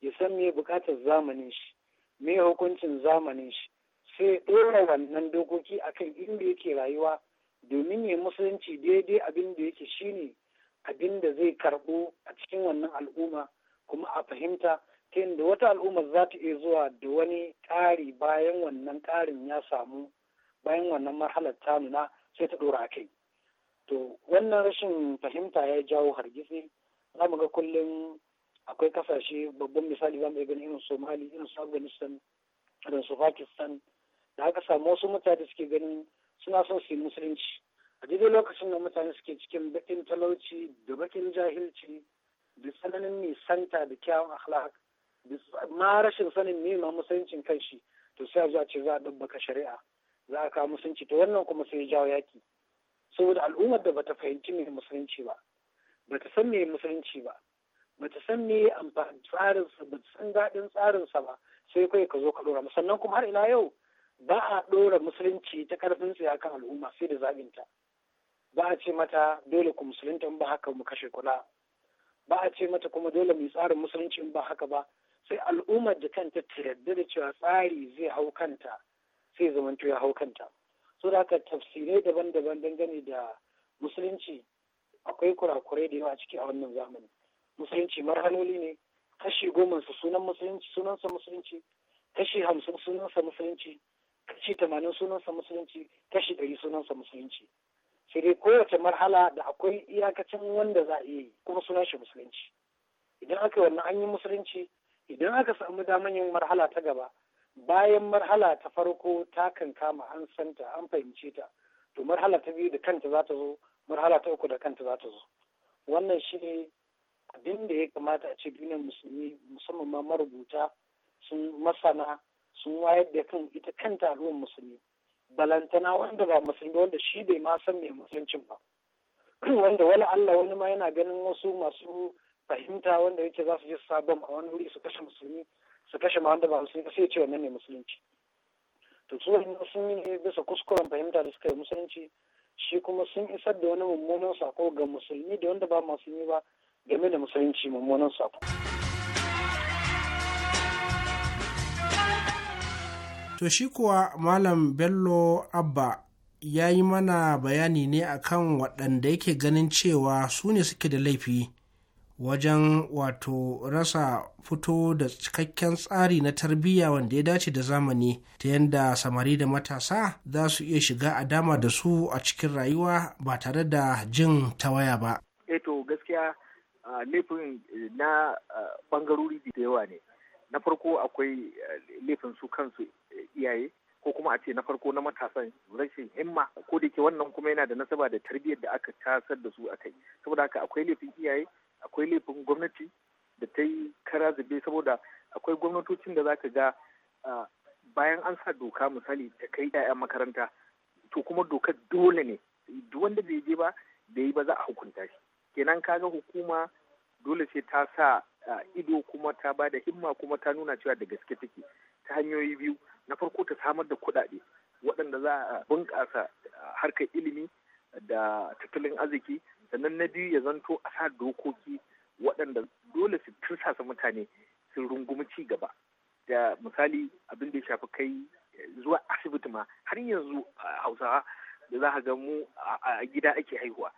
ya san me bukatar zamanin shi me hukuncin zamanin shi sai ɗora wannan dokoki akan inda yake rayuwa domin ya musulunci daidai abin da yake shine abin da zai karɓo a cikin wannan al'umma kuma a fahimta ta yadda wata al'umma za ta iya zuwa da wani ƙari bayan wannan ƙarin ya samu bayan wannan marhalar ta nuna sai ta ɗora a kai to wannan rashin fahimta ya jawo hargitsi za mu ga kullum akwai kasashe babban misali za mu iya ganin irin somali irin su afghanistan irin su pakistan da aka samu wasu mutane suke ganin suna son su yi musulunci a daidai lokacin da mutane suke cikin bakin talauci da bakin jahilci da tsananin nisanta da kyawun akhlaq da ma rashin sanin me ma musuluncin kanshi to sai a zo ce za a dabbaka shari'a za a kawo musulunci to wannan kuma sai ya jawo yaki saboda al'ummar da bata fahimci me musulunci ba bata san me musulunci ba bata san me amfani tsarinsa ta san daɗin tsarinsa ba sai kai ka zo ka ɗora sannan kuma har ina yau ba a ɗora musulunci ta karfin tsaye kan al'umma sai da zabinta ba a ce mata dole ku musulunta ba haka mu kashe kula ba a ce mata kuma dole mu tsarin musulunci in ba haka ba sai al'ummar da kanta ta yarda da cewa tsari zai hau kanta sai zamanto ya hau kanta so da haka tafsirai daban-daban dangane da musulunci akwai kurakurai da yawa ciki a wannan zamani musulunci marhaloli ne kashi goma su sunan musulunci sa musulunci kashi hamsin sunansa musulunci kashi tamanin sunansa musulunci kashi ɗari sunansa musulunci sai dai kowace marhala da akwai iyakacin wanda za a yi kuma sunan shi musulunci idan aka wannan an yi musulunci idan aka samu daman yin marhala ta gaba bayan marhala ta farko ta kan kama an santa an fahimce ta to marhala ta biyu da kanta za ta zo marhala ta uku da kanta za ta zo wannan shi ne abin da ya kamata a ce duniyar musulmi musamman ma marubuta sun masana sun wayar da kan ita kanta ruwan musulmi balantana wanda ba musulmi wanda shi bai ma san mai musuluncin ba wanda wani Allah wani ma yana ganin wasu masu fahimta wanda yake za su je su sabon a wani wuri su kashe musulmi su kashe ma wanda ba musulmi sai ce wannan ne musulunci to su wani musulmi ne bisa kuskuren fahimta da suka yi musulunci shi kuma sun isar da wani mummunan sako ga musulmi da wanda ba musulmi ba game da musulunci mummunan sako. To shi kuwa Malam Bello Abba ya yi mana bayani ne akan waɗanda yake ganin cewa su ne suke da laifi wajen wato rasa fito da cikakken tsari na tarbiyya wanda ya dace da zamani ta yadda samari da matasa za su iya shiga a dama da su a cikin rayuwa ba tare da jin tawaya ba. Eto eh gaskiya laifin eh, na bangarori da yawa ne na farko akwai eh, laifin su kansu eh, iyaye ko kuma a ce na farko na matasan rashin himma ko da ke wannan kuma yana da nasaba da tarbiyyar da aka tasar da su a kai saboda haka akwai laifin iyaye akwai laifin gwamnati da ta yi kara zube saboda akwai gwamnatocin da zaka ga bayan an sa doka misali ta kai 'ya'yan makaranta to kuma dokar dole ne duk wanda bai je ba da yi ba za a hukunta shi kenan kaga hukuma dole sai ta sa eh, ido kuma ta ba da himma kuma ta nuna cewa da gaske take ta hanyoyi biyu na farko ta samar da kuɗaɗe waɗanda za a bunƙasa eh, harkar ilimi da tattalin arziki sannan na biyu ya zanto a sa dokoki waɗanda dole su tursasa mutane su rungumi ci gaba da misali abin da ya shafi kai zuwa asibiti ma har yanzu eh, hausawa da za ga mu a gida ake haihuwa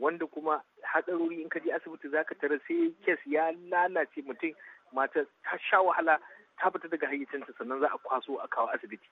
wanda kuma hatsarori in ka je asibiti zaka tara sai kes ya lalace mutum mata ta sha wahala ta fita daga hayyacinta sannan za a kwaso a kawo asibiti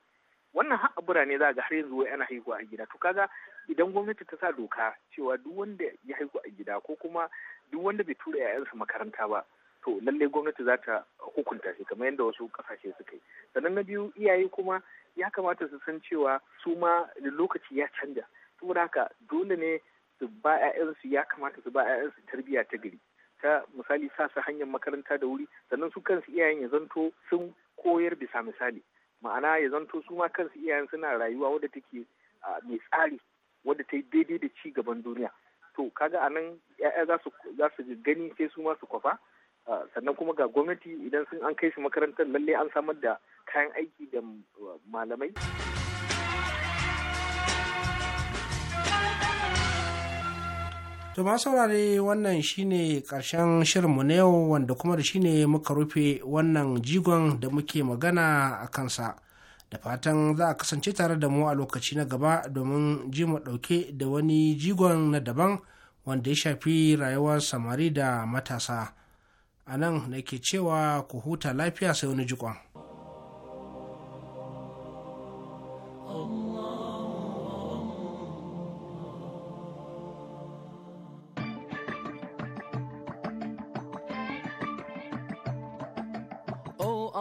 wannan har a birane za ga har yanzu wai ana haihuwa a gida to kaga idan gwamnati ta sa doka cewa duk wanda ya haihu a gida ko kuma duk wanda bai tura 'ya'yansa makaranta ba to lallai gwamnati za ta hukunta shi kamar yadda wasu kasashe suka yi sannan na biyu iyaye kuma ya kamata su san cewa su ma lokaci ya canja saboda haka dole ne su ba 'ya'yansu ya kamata su ba 'ya'yansu tarbiyya ta gari ta misali sa su hanyar makaranta da wuri sannan su kansu iyayen ya zanto sun koyar bisa misali ma'ana ya zanto su ma kansu iyayen suna rayuwa wadda take mai tsari wadda ta yi daidai da ci gaban duniya to kaga a nan ya'ya za su gani sai su ma su kwafa sannan kuma ga gwamnati idan sun an kai su makarantar lallai an samar da kayan aiki da malamai. To ma saurare wannan shine karshen shirinmu na yau wanda kuma da shine muka rufe wannan jigon da muke magana a kansa. Da fatan za a kasance tare da mu a lokaci na gaba domin ji mu ɗauke da wani jigon na daban wanda ya shafi rayuwar samari da matasa. A nan nake cewa ku huta lafiya sai wani jikon.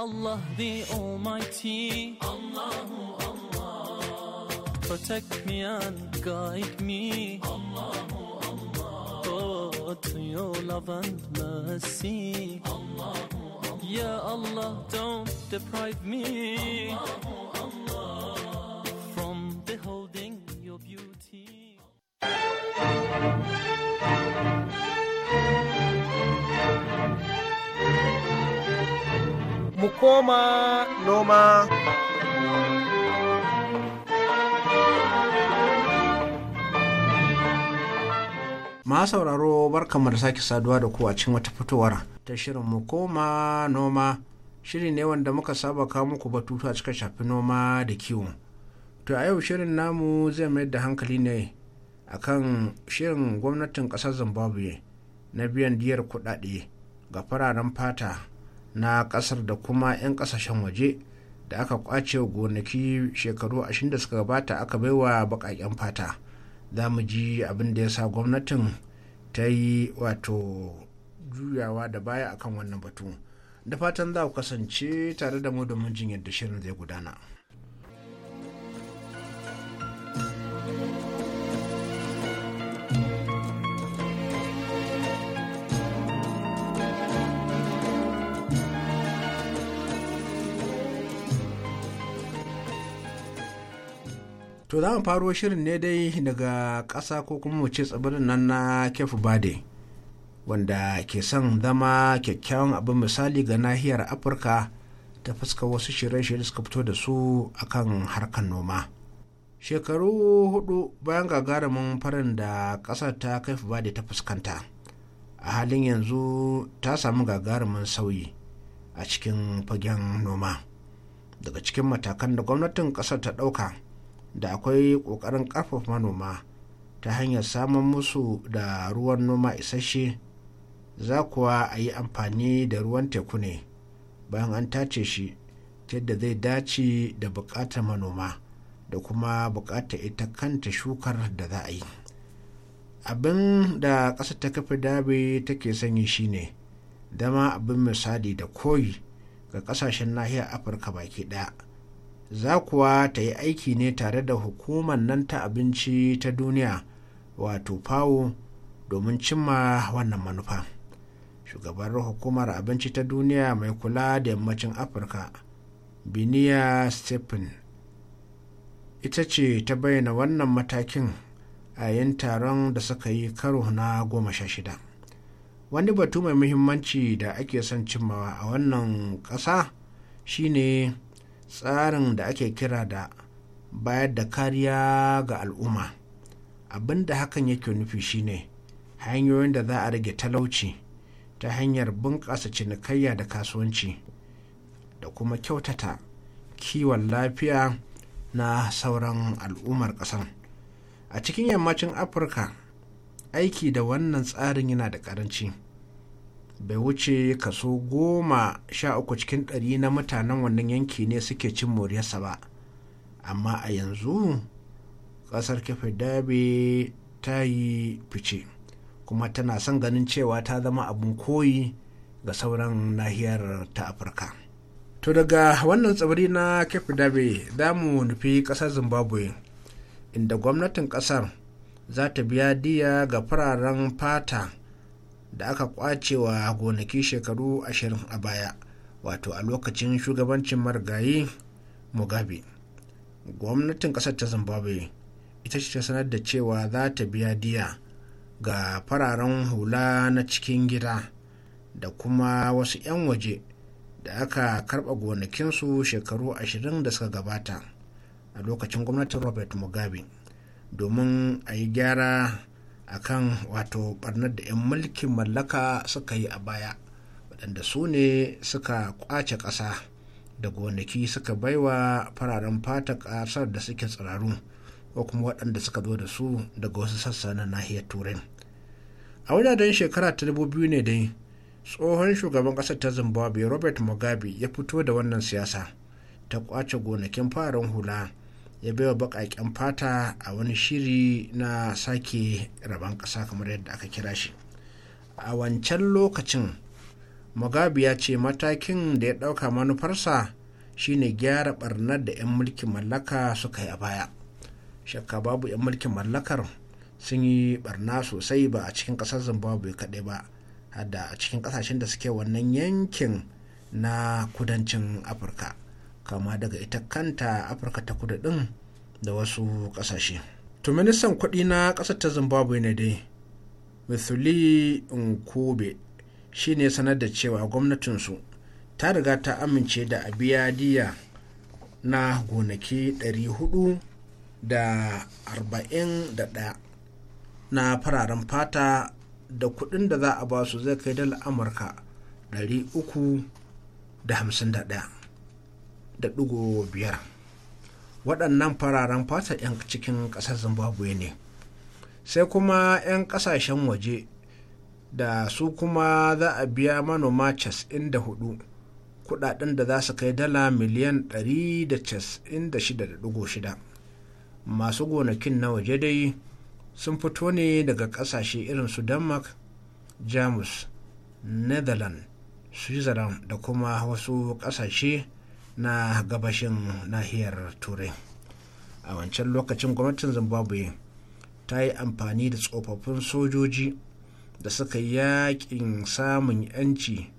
Allah the Almighty. Allahu Allah. Protect me and guide me. Allahu Allah. Oh, to your love and mercy. Allahu Allah. Yeah, Allah, don't deprive me. Allahu Allah. From beholding your beauty. mu koma noma. Ma sauraro barkanmu da sake saduwa da ku a cikin wata fitowar ta shirin mu koma noma shiri ne wanda muka saba kawo muku batutu a cikin shafi noma da kiwo. To a yau shirin namu zai mayar da hankali ne a kan shirin gwamnatin ƙasar Zimbabwe na biyan diyar kuɗaɗe ga fararen fata na kasar da kuma 'yan kasashen waje da aka kwace gonaki shekaru ashirin da suka gabata aka baiwa baƙaƙen fata za mu ji abin da ya sa gwamnatin ta yi wato juyawa da baya akan wannan batu da fatan za ku kasance tare da mu domin jin yadda shirin zai gudana. to za mu faro shirin ne dai daga ƙasa ko kuma mu ce tsibirin nan na kefu bade wanda ke son zama kyakkyawan abin misali ga nahiyar afirka ta fuska wasu shirye-shirye suka fito da su akan harkar noma shekaru hudu bayan gagarumin farin da ƙasar ta kefu bade ta fuskanta a halin yanzu ta samu gagarumin sauyi a cikin fagen noma daga cikin matakan da gwamnatin ƙasar ta ɗauka da akwai ƙoƙarin ƙarfafa manoma ta hanyar samun musu da ruwan noma isasshe za kuwa a yi amfani da ruwan teku ne bayan an tace shi tadda zai dace da buƙatar manoma da kuma buƙatar ita kanta shukar da za a yi abin da ƙasa ta kafa dabe take sanyi shine zama abin misali da koyi ga ƙasashen nahiyar afirka baki ɗaya za kuwa ta yi aiki ne tare da hukumar nan ta abinci ta duniya wato fawo domin cimma wannan manufa shugabar hukumar abinci ta duniya mai kula da yammacin afirka biniya stephen ita ce ta bayyana wannan matakin a yin taron da suka yi karo na goma sha shida wani batu mai muhimmanci da ake son cimmawa a wannan ƙasa shine tsarin da ake kira da bayar da kariya ga al'umma abin da hakan yake nufi shine hanyoyin da za a rage talauci ta hanyar bunƙasa cinikayya da kasuwanci da kuma kyautata kiwon lafiya na sauran al'ummar ƙasar a cikin yammacin afirka aiki da wannan tsarin yana da ƙaranci. bai wuce kaso goma sha uku cikin ɗari na mutanen wannan yanki ne suke cin moriyarsa ba amma a yanzu ƙasar kafa dabe ta yi fice kuma tana son ganin cewa ta zama abin koyi ga sauran nahiyar ta afirka to daga wannan tsibiri na kafa dabe za mu nufi ƙasar zimbabwe inda gwamnatin ƙasar za ta biya diya ga fararen fata da aka wa gonaki shekaru ashirin a baya wato a lokacin shugabancin marigayi mugabe gwamnatin kasar ta zimbabwe ita ce ta sanar da cewa za ta biya diya ga fararen hula na cikin gida da kuma wasu 'yan waje da aka karba gonakinsu shekaru ashirin da suka gabata a lokacin gwamnatin robert mugabe domin a yi gyara akan wato barnar da 'yan mulkin mallaka suka yi a baya waɗanda su ne suka kwace ƙasa da gonaki suka baiwa fararen fata ƙasar da suke tsiraru ko kuma waɗanda suka zo da su daga wasu sassa na nahiyar turai a wajen shekara ta dubu biyu ne dai tsohon shugaban ƙasar ta zimbabwe robert mugabe ya fito da wannan siyasa ta kwace gonakin fararen hula ya baiwa baƙaƙen fata a wani shiri na sake rabon ƙasa kamar yadda aka kira shi a wancan lokacin mugabe ya ce matakin da ya ɗauka manufarsa shine gyara barnar da 'yan mulkin mallaka suka yi a baya shakka babu 'yan mulkin mallakar sun yi barna sosai ba a cikin ƙasar zimbabwe kaɗai ba hada a cikin ƙasashen da suke wannan yankin na kudancin afirka kama daga ita kanta afirka ta kudu din da wasu kasashe to ministan kudi na kasar ta zimbabwe ne dai mithuli nkube shi ne sanar da cewa gwamnatinsu ta riga ta amince da biya diya na gonaki da 441 na fararen fata da kuɗin da za a ba su zai kai dala amurka 351 da ɗigo biyar waɗannan fararen fata 'yan cikin ƙasar zimbabwe ne sai kuma 'yan ƙasashen waje da su kuma za a biya manoma cas inda hudu kudaden da za su kai dala miliyan 196.6 masu gonakin na waje dai sun fito ne daga ƙasashe irin su denmark jamus netherlands switzerland da kuma wasu ƙasashe. na gabashin nahiyar turai a wancan lokacin gwamnatin zimbabwe ta yi amfani da tsofaffin sojoji da suka yakin samun yanci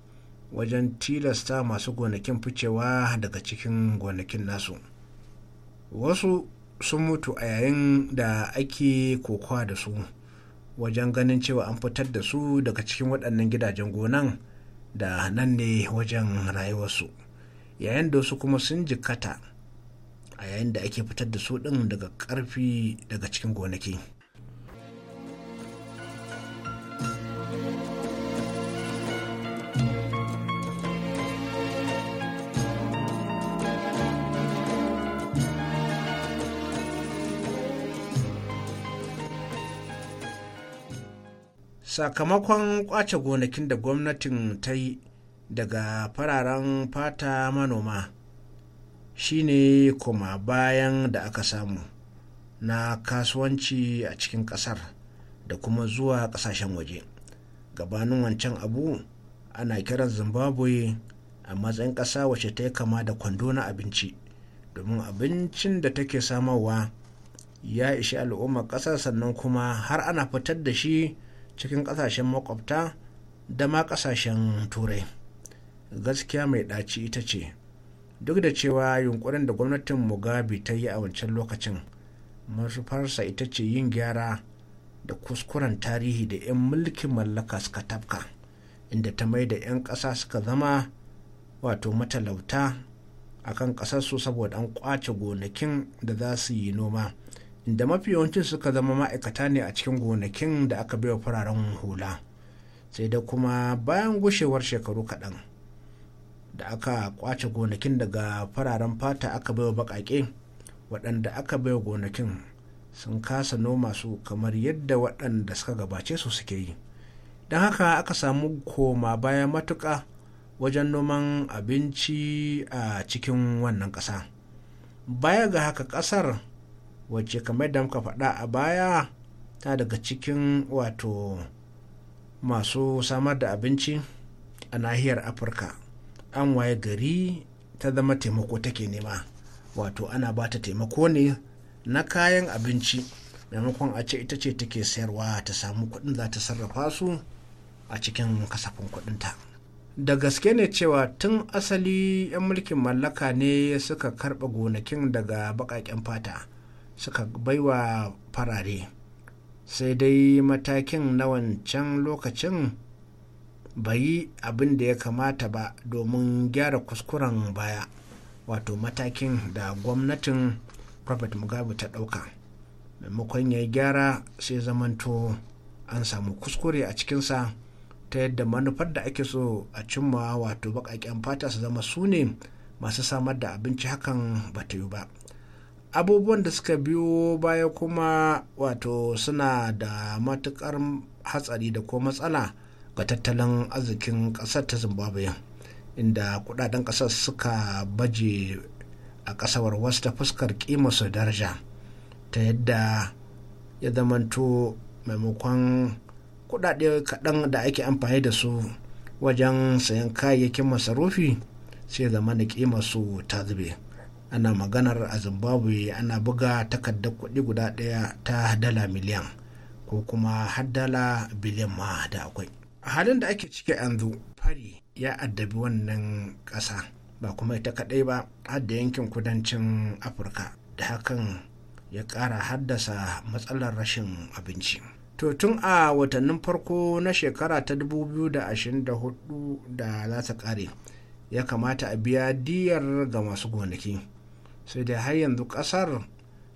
wajen tilasta masu gonakin ficewa daga cikin gonakin nasu wasu sun mutu a yayin da ake kokowa da su wajen ganin cewa an fitar da su daga cikin waɗannan gidajen gonan da nan ne wajen rayuwarsu yayin da wasu kuma sun jikkata a yayin da ake fitar da su ɗin daga ƙarfi daga cikin gonaki sakamakon kwace gonakin da gwamnatin ta yi daga fararen fata manoma shine koma bayan da aka samu na kasuwanci a cikin kasar da kuma zuwa kasashen waje gabanin wancan abu ana kiran zimbabwe a matsayin ƙasa wace ta yi kama da kwando na abinci domin abincin da take samarwa ya ishi al'ummar ƙasar sannan kuma har ana fitar da shi cikin ƙasashen makwabta da ma ƙasashen turai gaskiya mai ɗaci ita ce duk da cewa yunkurin da gwamnatin mugabe ta yi a wancan lokacin manufarsa ita ce yin gyara da kuskuren tarihi da 'yan mulkin mallaka suka tafka inda ta mai da 'yan ƙasa suka zama wato matalauta a kan ƙasarsu saboda an ƙwace gonakin da za su yi noma inda mafi yawancin suka zama ma'aikata ne a cikin gonakin da aka baiwa fararen hula sai da kuma bayan gushewar shekaru kaɗan da aka kwace gonakin daga fararen fata aka baiwa baƙaƙe waɗanda aka baiwa gonakin sun kasa noma su kamar yadda waɗanda suka gabace su suke yi don haka aka samu koma baya matuƙa wajen noman abinci a cikin wannan ƙasa baya ga haka ƙasar wacce kamar da muka faɗa a baya ta daga cikin wato masu samar da abinci a nahiyar afirka an waye gari ta zama taimako take nema wato ana ba ta taimako ne na kayan abinci maimakon a ce ita ce take sayarwa ta samu kuɗin za ta sarrafa su a cikin kasafin kuɗinta da gaske ne cewa tun asali 'yan mulkin mallaka ne suka karɓa gonakin daga baƙaƙen fata suka baiwa farare sai dai matakin na wancan lokacin bai yi abin da ya kamata ba domin gyara kuskuren baya wato matakin da gwamnatin prophet mugabe ta dauka maimakon ya gyara sai zamanto an samu kuskure a cikinsa ta yadda manufar da ake so a cimma wato baƙaƙen fata su zama su ne masu samar da abinci hakan ba ta yi ba abubuwan da suka biyo baya kuma wato suna da matuƙar hatsari da ko matsala ga tattalin arzikin ƙasar ta zimbabwe inda kudaden ƙasar suka baje a ƙasawar wasu ta fuskar su daraja ta yadda ya zamanto maimakon kudade kaɗan da ake amfani da su wajen sayan kayayyakin masarufi sai zama da su ta zube ana maganar a zimbabwe ana buga takardar kuɗi guda ɗaya ta dala miliyan ko kuma har dala biliyan ma da akwai a halin da ake ciki yanzu fari ya addabi wannan ƙasa ba kuma ita kaɗai ba har yankin kudancin afirka da hakan ya ƙara haddasa matsalar rashin abinci to tun a watannin farko na shekara ta 2024 da za ta ƙare ya kamata a biya diyar ga masu gonaki sai dai har yanzu ƙasar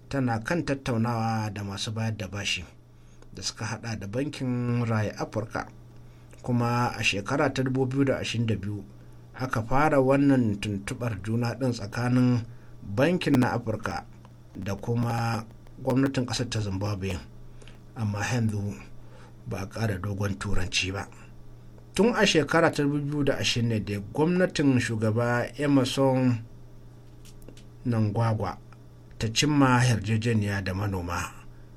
tana kan tattaunawa da masu bayar da bashi da suka hada da bankin raya afirka kuma a shekara ta 2022 aka fara wannan tuntubar juna ɗin tsakanin bankin na afirka da kuma gwamnatin ƙasar ta zimbabwe amma yanzu ba a ƙara dogon turanci ba tun a shekara ta 2020 da gwamnatin shugaba emerson nangwagwa ta cimma yarjejeniya da manoma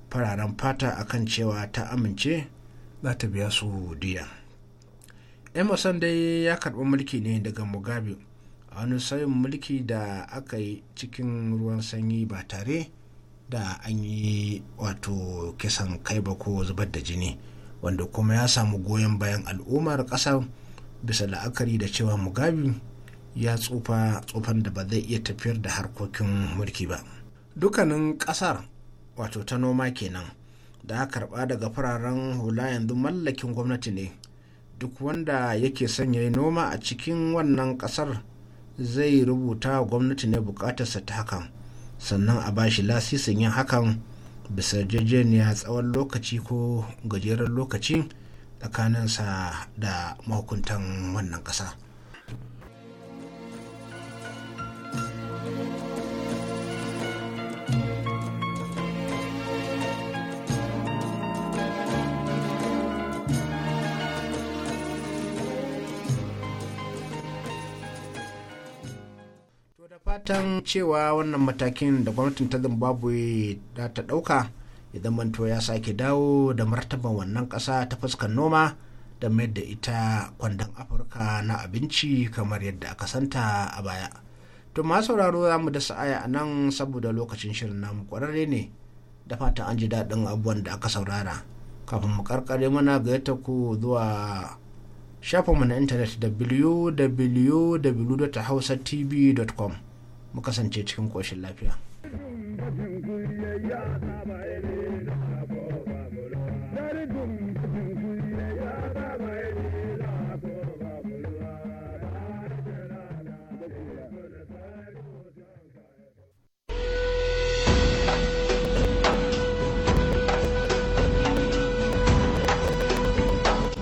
fararen fata akan cewa ta amince za ta biya su diya. emerson dai ya karɓi mulki ne daga mugabe a wani sauyin mulki da aka yi cikin ruwan sanyi ba tare da an yi wato kisan kai ba ko zubar da jini wanda kuma ya samu goyon bayan al'ummar ƙasa bisa la'akari da cewa mugabe ya tsufa tsufan da ba zai iya tafiyar da harkokin mulki ba dukkanin ƙasar wato ta noma kenan da karɓa daga fararen hula yanzu mallakin gwamnati ne duk wanda yake son ya yi noma a cikin wannan kasar zai rubuta gwamnati ne bukatarsa ta hakan sannan a bashi lasisin yin hakan bisa jejeniya tsawon lokaci ko gajeren lokaci tsakanin sa da mahukuntan wannan ƙasa fatan cewa wannan matakin da gwamnatin ta zimbabwe ta ɗauka idan manto ya sake dawo da martaba wannan ƙasa ta fuskar noma da mayar da ita kwandon afirka na abinci kamar yadda aka santa a baya to ma sauraro za mu da sa'aya a nan saboda lokacin shirin namu kwararre ne da fatan an ji daɗin abubuwan da aka saurara kafin mu karkare mana gayyata ku zuwa shafinmu na intanet www.hausatv.com mu kasance cikin koshin lafiya.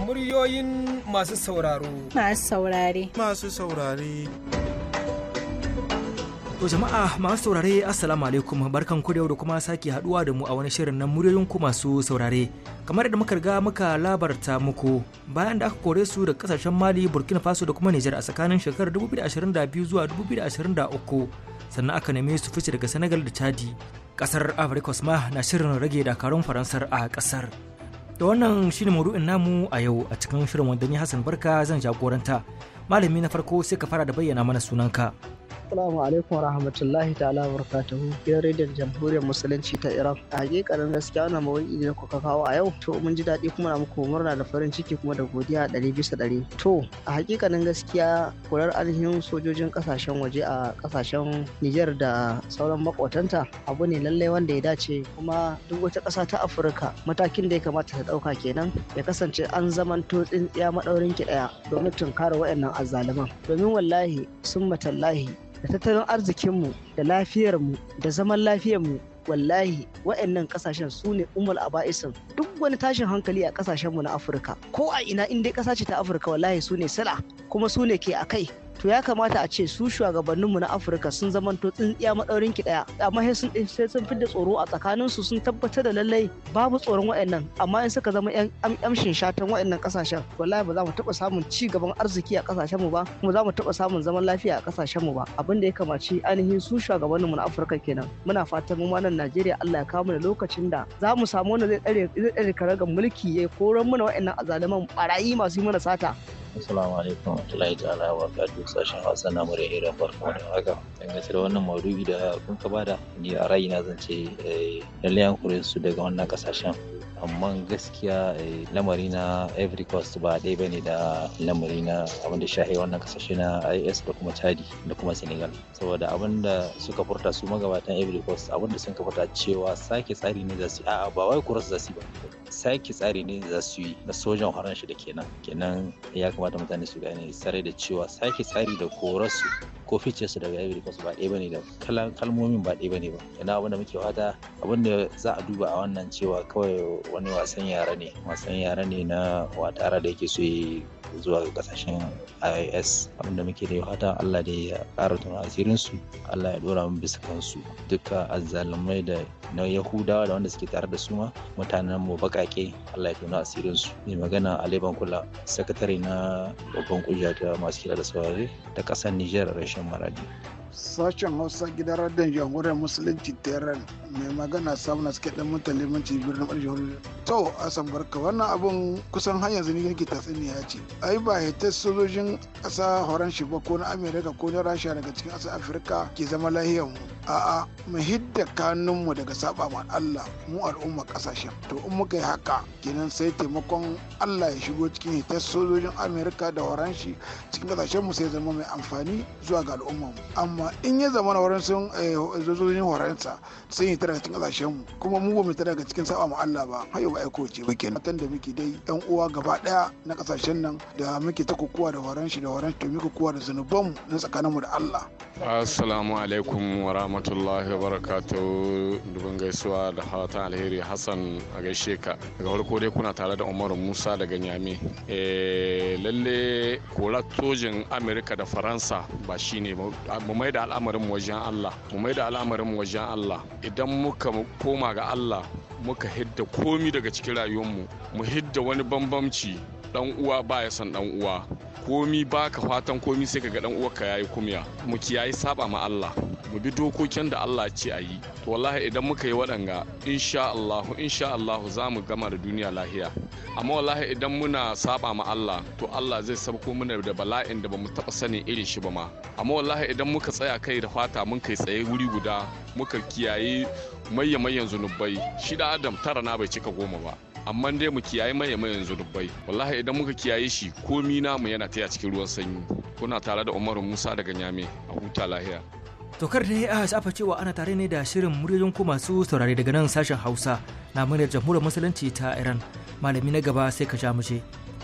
Muryoyin masu sauraro. Masu saurare. Masu saurare. To jama'a masu saurare assalamu alaikum barkan ku da kuma sake haduwa da mu a wani shirin na muryoyin ku masu saurare kamar da muka riga muka labarta muku bayan da aka kore su da kasashen Mali Burkina Faso da kuma Niger a tsakanin shekarar 2022 zuwa 2023 sannan aka neme su fice daga Senegal da Chadi kasar Ivory ma na shirin rage dakarun Faransar a kasar da wannan shine maudu'in namu a yau a cikin shirin wanda ni Hassan Barka zan jagoranta malami na farko sai ka fara da bayyana mana sunanka Assalamu alaikum warahmatullahi ta'ala barakatuhu gidan rediyon jamhuriyar musulunci ta Iran. A hakikanin gaskiya wannan mawuyi da kuka kawo a yau to mun ji daɗi kuma na muku murna da farin ciki kuma da godiya ɗari bisa ɗari. To a hakikanin gaskiya kurar ainihin sojojin ƙasashen waje a ƙasashen Nijar da sauran makwatanta abu ne lallai wanda ya dace kuma duk wata ƙasa ta Afirka matakin da ya kamata ta ɗauka kenan ya kasance an zaman zamanto tsintsiya maɗaurin ki ɗaya domin tunkara waɗannan azzaluman domin wallahi sun matallahi da tattalin arzikinmu da lafiyarmu da zaman lafiyarmu wallahi wa'annan kasashen su ne umar aba'isin duk wani tashin hankali a kasashenmu na afirka ko a ina inda dai kasa ta afirka wallahi su ne sila kuma su ne ke a kai to ya kamata a ce su shugabanninmu na afirka sun zamanto tsintsiya matsaurin ki ɗaya amma sai sun fidda tsoro a tsakaninsu sun tabbatar da lallai babu tsoron waɗannan amma in suka zama yan amshin shatan waɗannan ƙasashen wallahi ba za mu taɓa samun ci gaban arziki a ƙasashenmu ba kuma za mu taɓa samun zaman lafiya a ƙasashenmu ba abin da ya kamaci ainihin su shugabanninmu na afirka kenan muna fatan mu nan najeriya allah ya kawo mana lokacin da za mu samu wanda zai tsare zai tsare karagar mulki ya koran mana waɗannan azaliman barayi masu yi mana sata Assalamu alaikum warahmatullahi ta'ala wa barakatuh sashen Hausa na murya Iran farko da haka. Dangance da wannan maudu'i da kun ka bada ni a ra'ayina zan ce eh, lallai an kore su daga wannan kasashen amma gaskiya eh, lamari na ivory coast ba ɗaya bane da lamari na abin da shahe wannan kasashe na is da kuma chadi da kuma senegal saboda abin da suka furta su magabatan ivory coast da sun ka furta cewa sake tsari ne za su a'a ba wai kuras za su ba sake tsari ne za su yi na sojan haran shi da kenan kenan ya kamata mutane su gane sarai da cewa sake tsari da korasu ko fice su daga Ivory Coast ba ɗaya bane da kalmomin ba ɗaya bane ba ina abin da muke fata abin da za a duba a wannan cewa kawai wani wasan yara ne wasan yara ne na watara da yake so zuwa ga kasashen IIS abinda muke da fata Allah da ya ƙara tun asirin su Allah ya dora mu bisa kansu duka azzalumai da na Yahudawa da wanda suke tare da su ma mutanen mu bakake Allah ya tuna asirin su mai magana Ali Bankula sakatare na babban kungiya ta masu kira da saurare ta ƙasar Niger rashin camarada. Sashen Hausa gidan radiyon jamhuriyar Musulunci Tehran mai magana samun suke dan mutan limanci birnin hulun To, Asan Barka, wannan abun kusan hanyar zini ne tatsini ya ce. Ai ba ya sojojin ƙasa horon shi ba ko na Amerika ko na Rasha daga cikin ƙasar Afirka ke zama lahiyar mu. A'a, mu hidda kanunmu daga saba ma Allah mu al'umma ƙasashen. To, in muka yi haka kenan sai taimakon Allah ya shigo cikin ta sojojin Amerika da horon shi cikin ƙasashen mu sai zama mai amfani zuwa ga al'ummar mu. kuma in ya zama a wurin sun eh, zozojin horarinsa sun yi tara cikin kasashen mu kuma mu ba mu tara daga cikin sa'a mu Allah ba hayo ba aiko ce ba kenan matan da muke dai yan uwa gaba daya na kasashen nan da muke ta kukuwa da horon shi da horon to muke kukuwa da zanuban mu na tsakaninmu da Allah assalamu alaikum wa rahmatullahi wa barakatuh dubin gaisuwa da hawata alheri Hassan a gaishe ka daga farko dai kuna tare da Umaru Musa daga Nyame eh lalle korar sojin Amerika da Faransa ba shine ba mai da al'amarin wajen Allah mu mai da al'amarin wajen Allah idan muka koma ga Allah muka hidda komi daga cikin rayuwar mu, mu hidda wani bambamci dan uwa ba ya son dan uwa komi baka fatan komi sai kaga dan uwarka yayi kumya mu kiyaye saba ma Allah mu bi dokokin da Allah ce a yi to wallahi idan muka yi waɗanga insha Allah insha Allah za mu gama da duniya lahiya amma wallahi idan muna saba ma Allah to Allah zai sabko mana da bala'in da bamu taba sani irin shi ba ma amma wallahi idan muka tsaya kai da fata mun kai tsaye wuri guda muka kiyaye mayya mayyan zunubai shi da adam tara na bai cika goma ba amma dai mu kiyaye mai yanzu dubbai wallahi idan muka kiyaye shi komi namu yana taya cikin ruwan sanyi kuna tare da umaru musa daga nyame a huta lahiya tokar da a shafa cewa ana tare ne da shirin muryoyin ku masu saurare daga nan sashen hausa na muryar jamhuriyar musulunci ta iran malami na gaba sai ka sha mu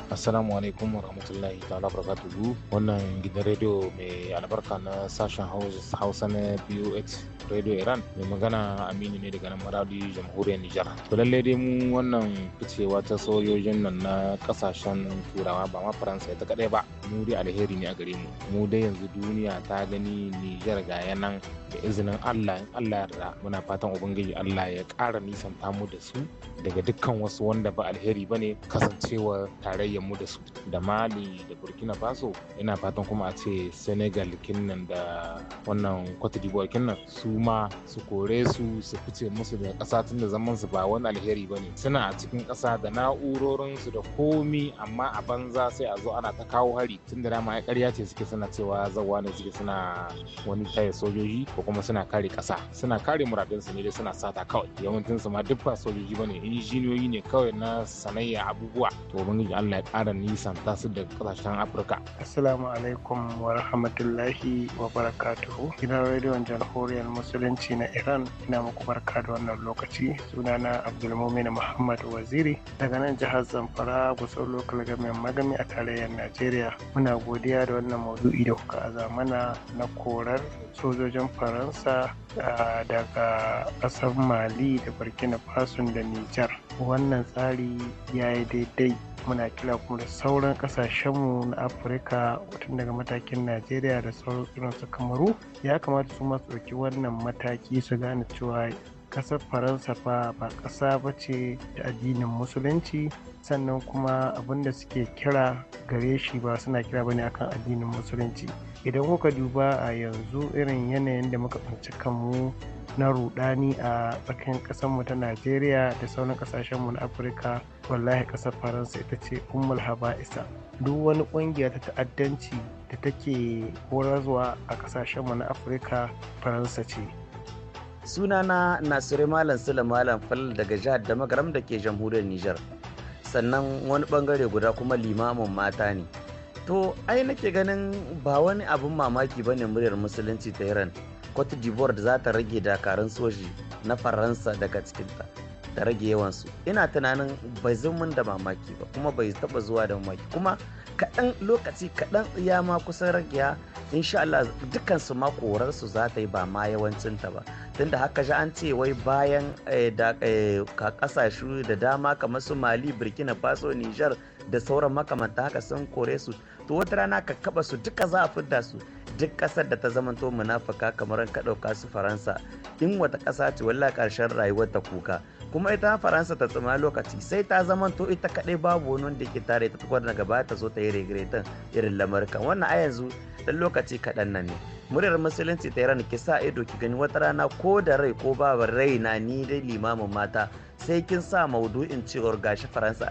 assalamu alaikum wa rahmatullahi ta'ala barakatuhu wannan gidan rediyo mai albarka na sashen hausa na pox radio iran mai magana aminu ne daga nan maradi jamhuriyar nijar to lallai dai mu wannan ficewa ta sojojin nan na kasashen turawa ba ma faransa ta kadai ba mu dai alheri ne a gare mu mu dai yanzu duniya ta gani nijar ga yanan da izinin allah allah yarda muna fatan ubangiji allah ya kara nisan mu da su daga dukkan wasu wanda ba alheri bane kasancewa tarayya tarayyar da su da mali da burkina faso ina fatan kuma a ce senegal kinnan da wannan cote d'ivoire kinnan su ma su kore su su fice musu da ƙasa tun da zaman su ba wani alheri ba ne suna a cikin kasa da na'urorinsu da komi amma a banza sai a zo ana ta kawo hari tun da dama ƙarya ce suke suna cewa zawa ne suke suna wani taya sojoji ko kuma suna kare ƙasa suna kare su ne dai suna sata kawai yawancin su ma duk ba sojoji ba ne injiniyoyi ne kawai na sanayya abubuwa to ubangiji Allah ƙara nisanta su da ƙasashen afirka assalamu alaikum wa rahmatullahi wa barakatuhu gidan rediyon jamhuriyar musulunci na iran ina muku barka da wannan lokaci sunana abdulmumin muhammad waziri daga nan jihar zamfara gusau lokal gamin magami a tarayyar najeriya muna godiya da wannan maudu'i da kuka aza mana na korar sojojin faransa daga ƙasar mali da burkina faso da nijar wannan tsari ya yi daidai muna kira kuma da sauran kasashenmu na afirka tun daga matakin najeriya da sauran su kamaru ya kamata su masu ɗauki wannan mataki su gane cewa kasar faransa fa ba ƙasa ba ce da addinin musulunci sannan kuma abin da suke kira gare shi ba suna kira bane akan addinin musulunci idan kuka duba a yanzu irin yanayin da muka tsinci kanmu na ruɗani a tsakanin mu ta najeriya da sauran mu na afirka wallahi ƙasar faransa ita ce ummul haba'isa duk wani ƙungiya ta ta'addanci da take horarwa a ƙasashenmu na afirka faransa ce sunana nasiru malam sula malam fal daga jihar da magaram da ke jamhuriyar niger sannan wani bangare guda kuma limamin mata ne to ai nake ganin ba wani abin mamaki ba ne muryar musulunci ta iran cote d'ivoire da za ta rage dakarun soji na faransa daga cikinta ta rage yawansu ina tunanin bai zumun da mamaki ba kuma bai taba zuwa da mamaki kuma kaɗan lokaci kaɗan ya ma kusan rage insha Allah dukkan su ma korarsu za ta yi ba ma yawancin ta ba tunda haka ji an ce wai bayan eh, da kasashe eh, da dama kamar su Mali Burkina Faso Niger da sauran makamanta haka sun kore su to wata rana ka kaba su duka za a fidda su duk kasar da ta zamanto munafuka kamar ka ɗauka su faransa in wata ƙasa ce walla ƙarshen rayuwar ta kuka kuma ita faransa ta tsima lokaci sai ta zamanto ita kaɗai babu wani wanda ke tare ta tukwar daga baya ta zo ta yi regretin irin lamarkan wannan a yanzu dan lokaci kaɗan nan ne muryar musulunci ta iran ki sa ido ki gani wata rana ko da rai ko babar rai na ni dai limamin mata sai kin sa maudu'in cewar gashi faransa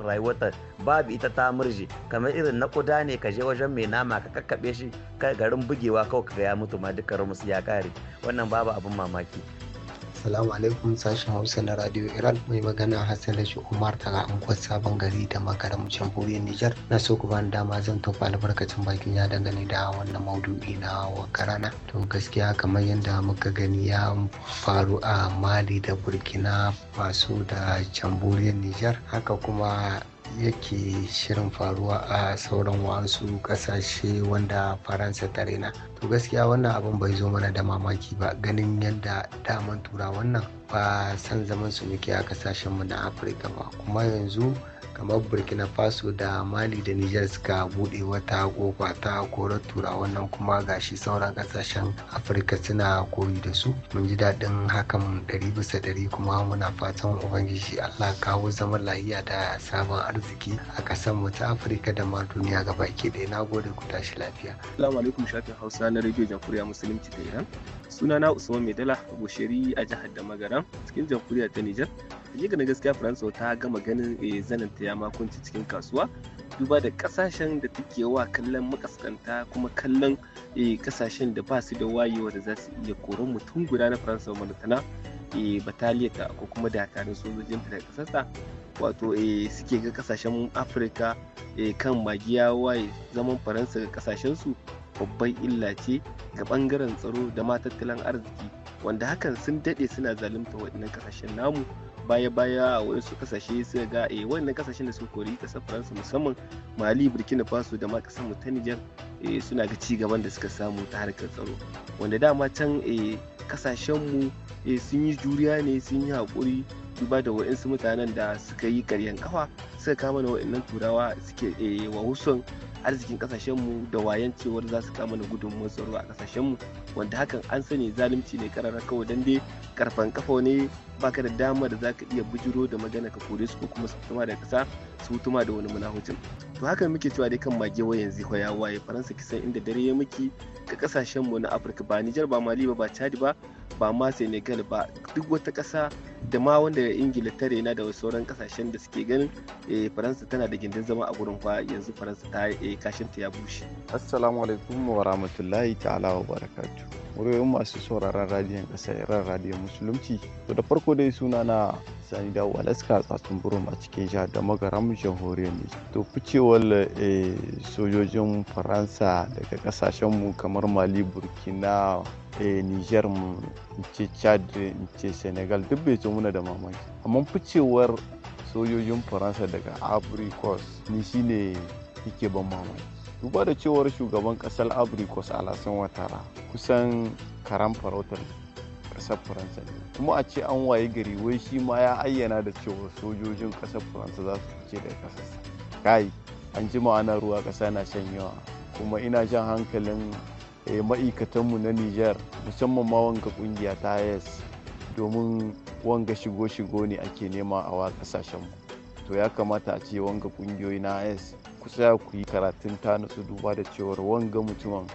rayuwarta babu ita ta murje kamar irin na kuda ne ka je wajen mai nama ka kakkaɓe shi garin bugewa kawai ka ya mutu ma duka rumus ya kare wannan babu abin mamaki Assalamu alaikum sashen Hausa na Radio Iran mai magana Hassan Rashi Umar daga unguwar Sabon Gari da makarar Jamhuriyar Nijar. Na so ku bani dama zan tafi albarkacin bakin ya dangane da wannan maudu'i na wakarana. To gaskiya kamar yadda muka gani ya faru a Mali da Burkina Faso da Jamhuriyar Nijar. Haka kuma yake shirin faruwa a sauran wasu kasashe wanda faransa ta raina to gaskiya wannan abin bai zo mana da mamaki ba ganin yadda daman tura wannan ba san zaman su muke a kasashenmu na afirka ba kuma yanzu kamar burkina faso da mali da niger suka buɗe wata kofa ta korar tura wannan kuma gashi sauran kasashen afirka suna koyi da su mun ji daɗin hakan ɗari bisa ɗari kuma muna fatan ubangiji allah kawo zaman lahiya da sabon arziki a ƙasar mu ta afirka da ma duniya gaba ke ɗaya na gode ku tashi lafiya. salamu alaikum shafin hausa na rediyo jamhuriya musulunci ta iran sunana usman maidala bushiri a jihar damagaram magaran cikin jamhuriya ta nijar hakikanin gaskiya faransa ta gama ganin eh, zanen ta ya makunci cikin kasuwa duba da kasashen da take wa kallon makaskanta kuma kallon kasashen eh, da ba su da wayewa da za su iya koron mutum guda na faransa e eh, bataliya ta ko kuma dakarun sojojin ta da kasarsa wato suke ga kasashen afirka kan magiya waye zaman faransa ga kasashen su babban illa ce ga bangaren tsaro da ma tattalin arziki wanda hakan sun daɗe suna zalunta waɗannan kasashen namu baya-baya a wasu kasashe suka ga eh wannan kasashen da suka kori kasar faransa musamman mali burkina faso da ma kasar mu ta eh, suna ga ci gaban da suka samu ta harkar tsaro wanda dama can eh, kasashen mu eh, sun yi juriya ne sun yi haƙuri duba da wa'insu mutanen da suka yi karyan kafa suka kama da wa'innan turawa suke wa husun arzikin kasashen mu da wayan cewar za su kama da gudunmuwar tsaro a kasashen mu wanda hakan an sani zalunci ne karara kawai dan dai karfan kafa ne baka da dama da zaka iya bujiro da magana ka kore su ko kuma su tuma da kasa su tuma da wani munahucin to haka muke cewa dai kan mage wa yanzu ko ya waye faransa kisan inda dare ya miki ka kasashen mu na afirka ba nijar ba mali ba ba chadi ba ba ma senegal ba duk wata ƙasa da ma wanda ingila ta rena da sauran kasashen da suke ganin eh, faransa tana da gindin zama a gurin fa yanzu faransa ta yi eh, kashin ta ya bushe assalamu alaikum wa rahmatullahi ta'ala wa barakatu muryoyin masu sauraron radiyon kasa iran radiyon musulunci to da farko dai suna na sani dawo alaska tsatsun burum a cikin jihar da magaram jamhuriyar ne to ficewar eh, sojojin faransa daga kasashen mu kamar mali burkina E, niger mu ce chad ce senegal duk bai ce muna da mamaki amma ficewar sojojin faransa daga abricos ni shine yake ban mamaki duba da cewar shugaban kasar abricos alasan watara kusan karan farautar kasar faransa ne kuma a ce an waye gari wai shi ma ya ayyana da cewa sojojin kasar faransa za su fice daga kasarsa kai an jima ana ruwa kasa na shan yawa kuma ina jan hankalin Eh, ma'aikatanmu na Nijar musamman ma wanga kungiya ta yes domin wanga shigo-shigo ne ake nema a mu to ya kamata a ce wanga kungiyoyi na yes kusa ku yi karatun ta nutsu duba da cewar wanga mutumin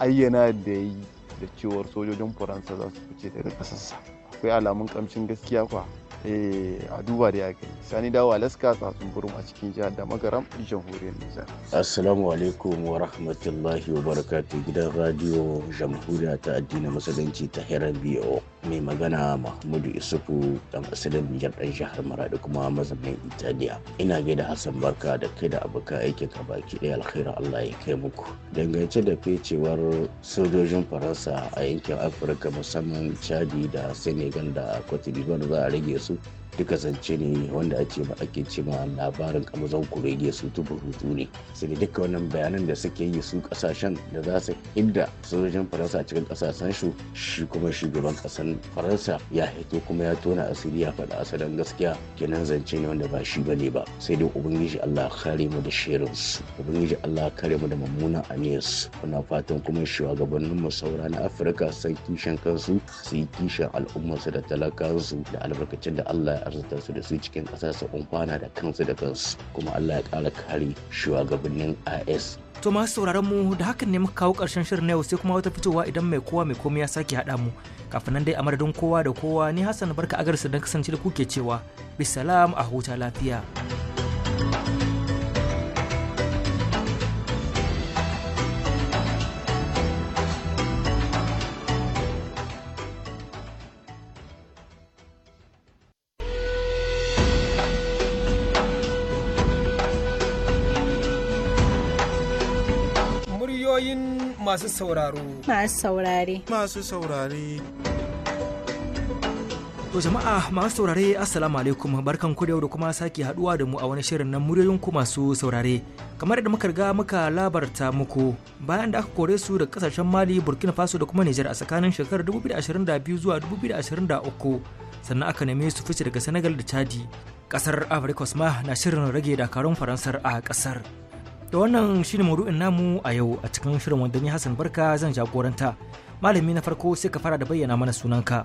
ayyana da yi da cewar sojojin faransa za su fice daga ƙasarsa akwai alamun kamshin gaskiya kwa Eh, a duba da ya sani dawo alaska tsatsun burum a cikin jihar da magaram jamhuriyar nijar assalamu alaikum wa rahmatullahi wa barakatuh gidan radio jamhuriya ta addinin musulunci ta heran biyu mai magana mahmudu isufu dan asalin niger dan jihar maradi kuma mazaunin italiya ina gaida hassan barka da kai da abokan aikin ka baki daya alkhairar allah ya kai muku dangance da fecewar sojojin faransa a yankin afirka musamman chadi da senegal da cote d'ivoire za a rage su duka zance ne wanda ake ba ake ce ma labarin ku kurege su tubu hutu ne sai da duka wannan bayanan da suke yi su kasashen da za su inda sojojin faransa a cikin kasashen su shi kuma shugaban kasan faransa ya hito kuma ya tona asiri ya faɗa asalin gaskiya kenan zance ne wanda ba shi bane ba sai dai ubangiji allah kare mu da shirin su ubangiji allah kare mu da mummunan aniyarsu muna fatan kuma shugabannin mu saura na afirka san kishin kansu su yi kishin al'ummarsu da talakansu da albarkacin da allah ya arzikinsu da su cikin kasar su kwana da kansu da kansu kuma allah ya ƙara kare shugabannin is to masu sauraron mu da hakan ne muka kawo karshen shirin na yau sai kuma wata fitowa idan mai kowa mai komai ya sake haɗa mu kafin nan dai a madadin kowa da kowa ni hassan barka agarsu don kasance da kuke cewa bisalam a huta lafiya. masu sauraro. Masu saurare. Masu saurare. To jama'a masu saurare assalamu alaikum barkan ku da yau da kuma sake haduwa da mu a wani shirin nan muryoyin ku masu saurare kamar da muka riga muka labarta muku bayan da aka kore su da kasashen Mali Burkina Faso da kuma Niger a tsakanin shekarar 2022 zuwa 2023 sannan aka neme su fice daga Senegal da Chadi kasar Africa ma na shirin rage dakarun Faransar a kasar da wannan shine maudu'in namu a yau a cikin shirin wanda ni Hassan Barka zan jagoranta malami na farko sai ka fara da bayyana mana sunanka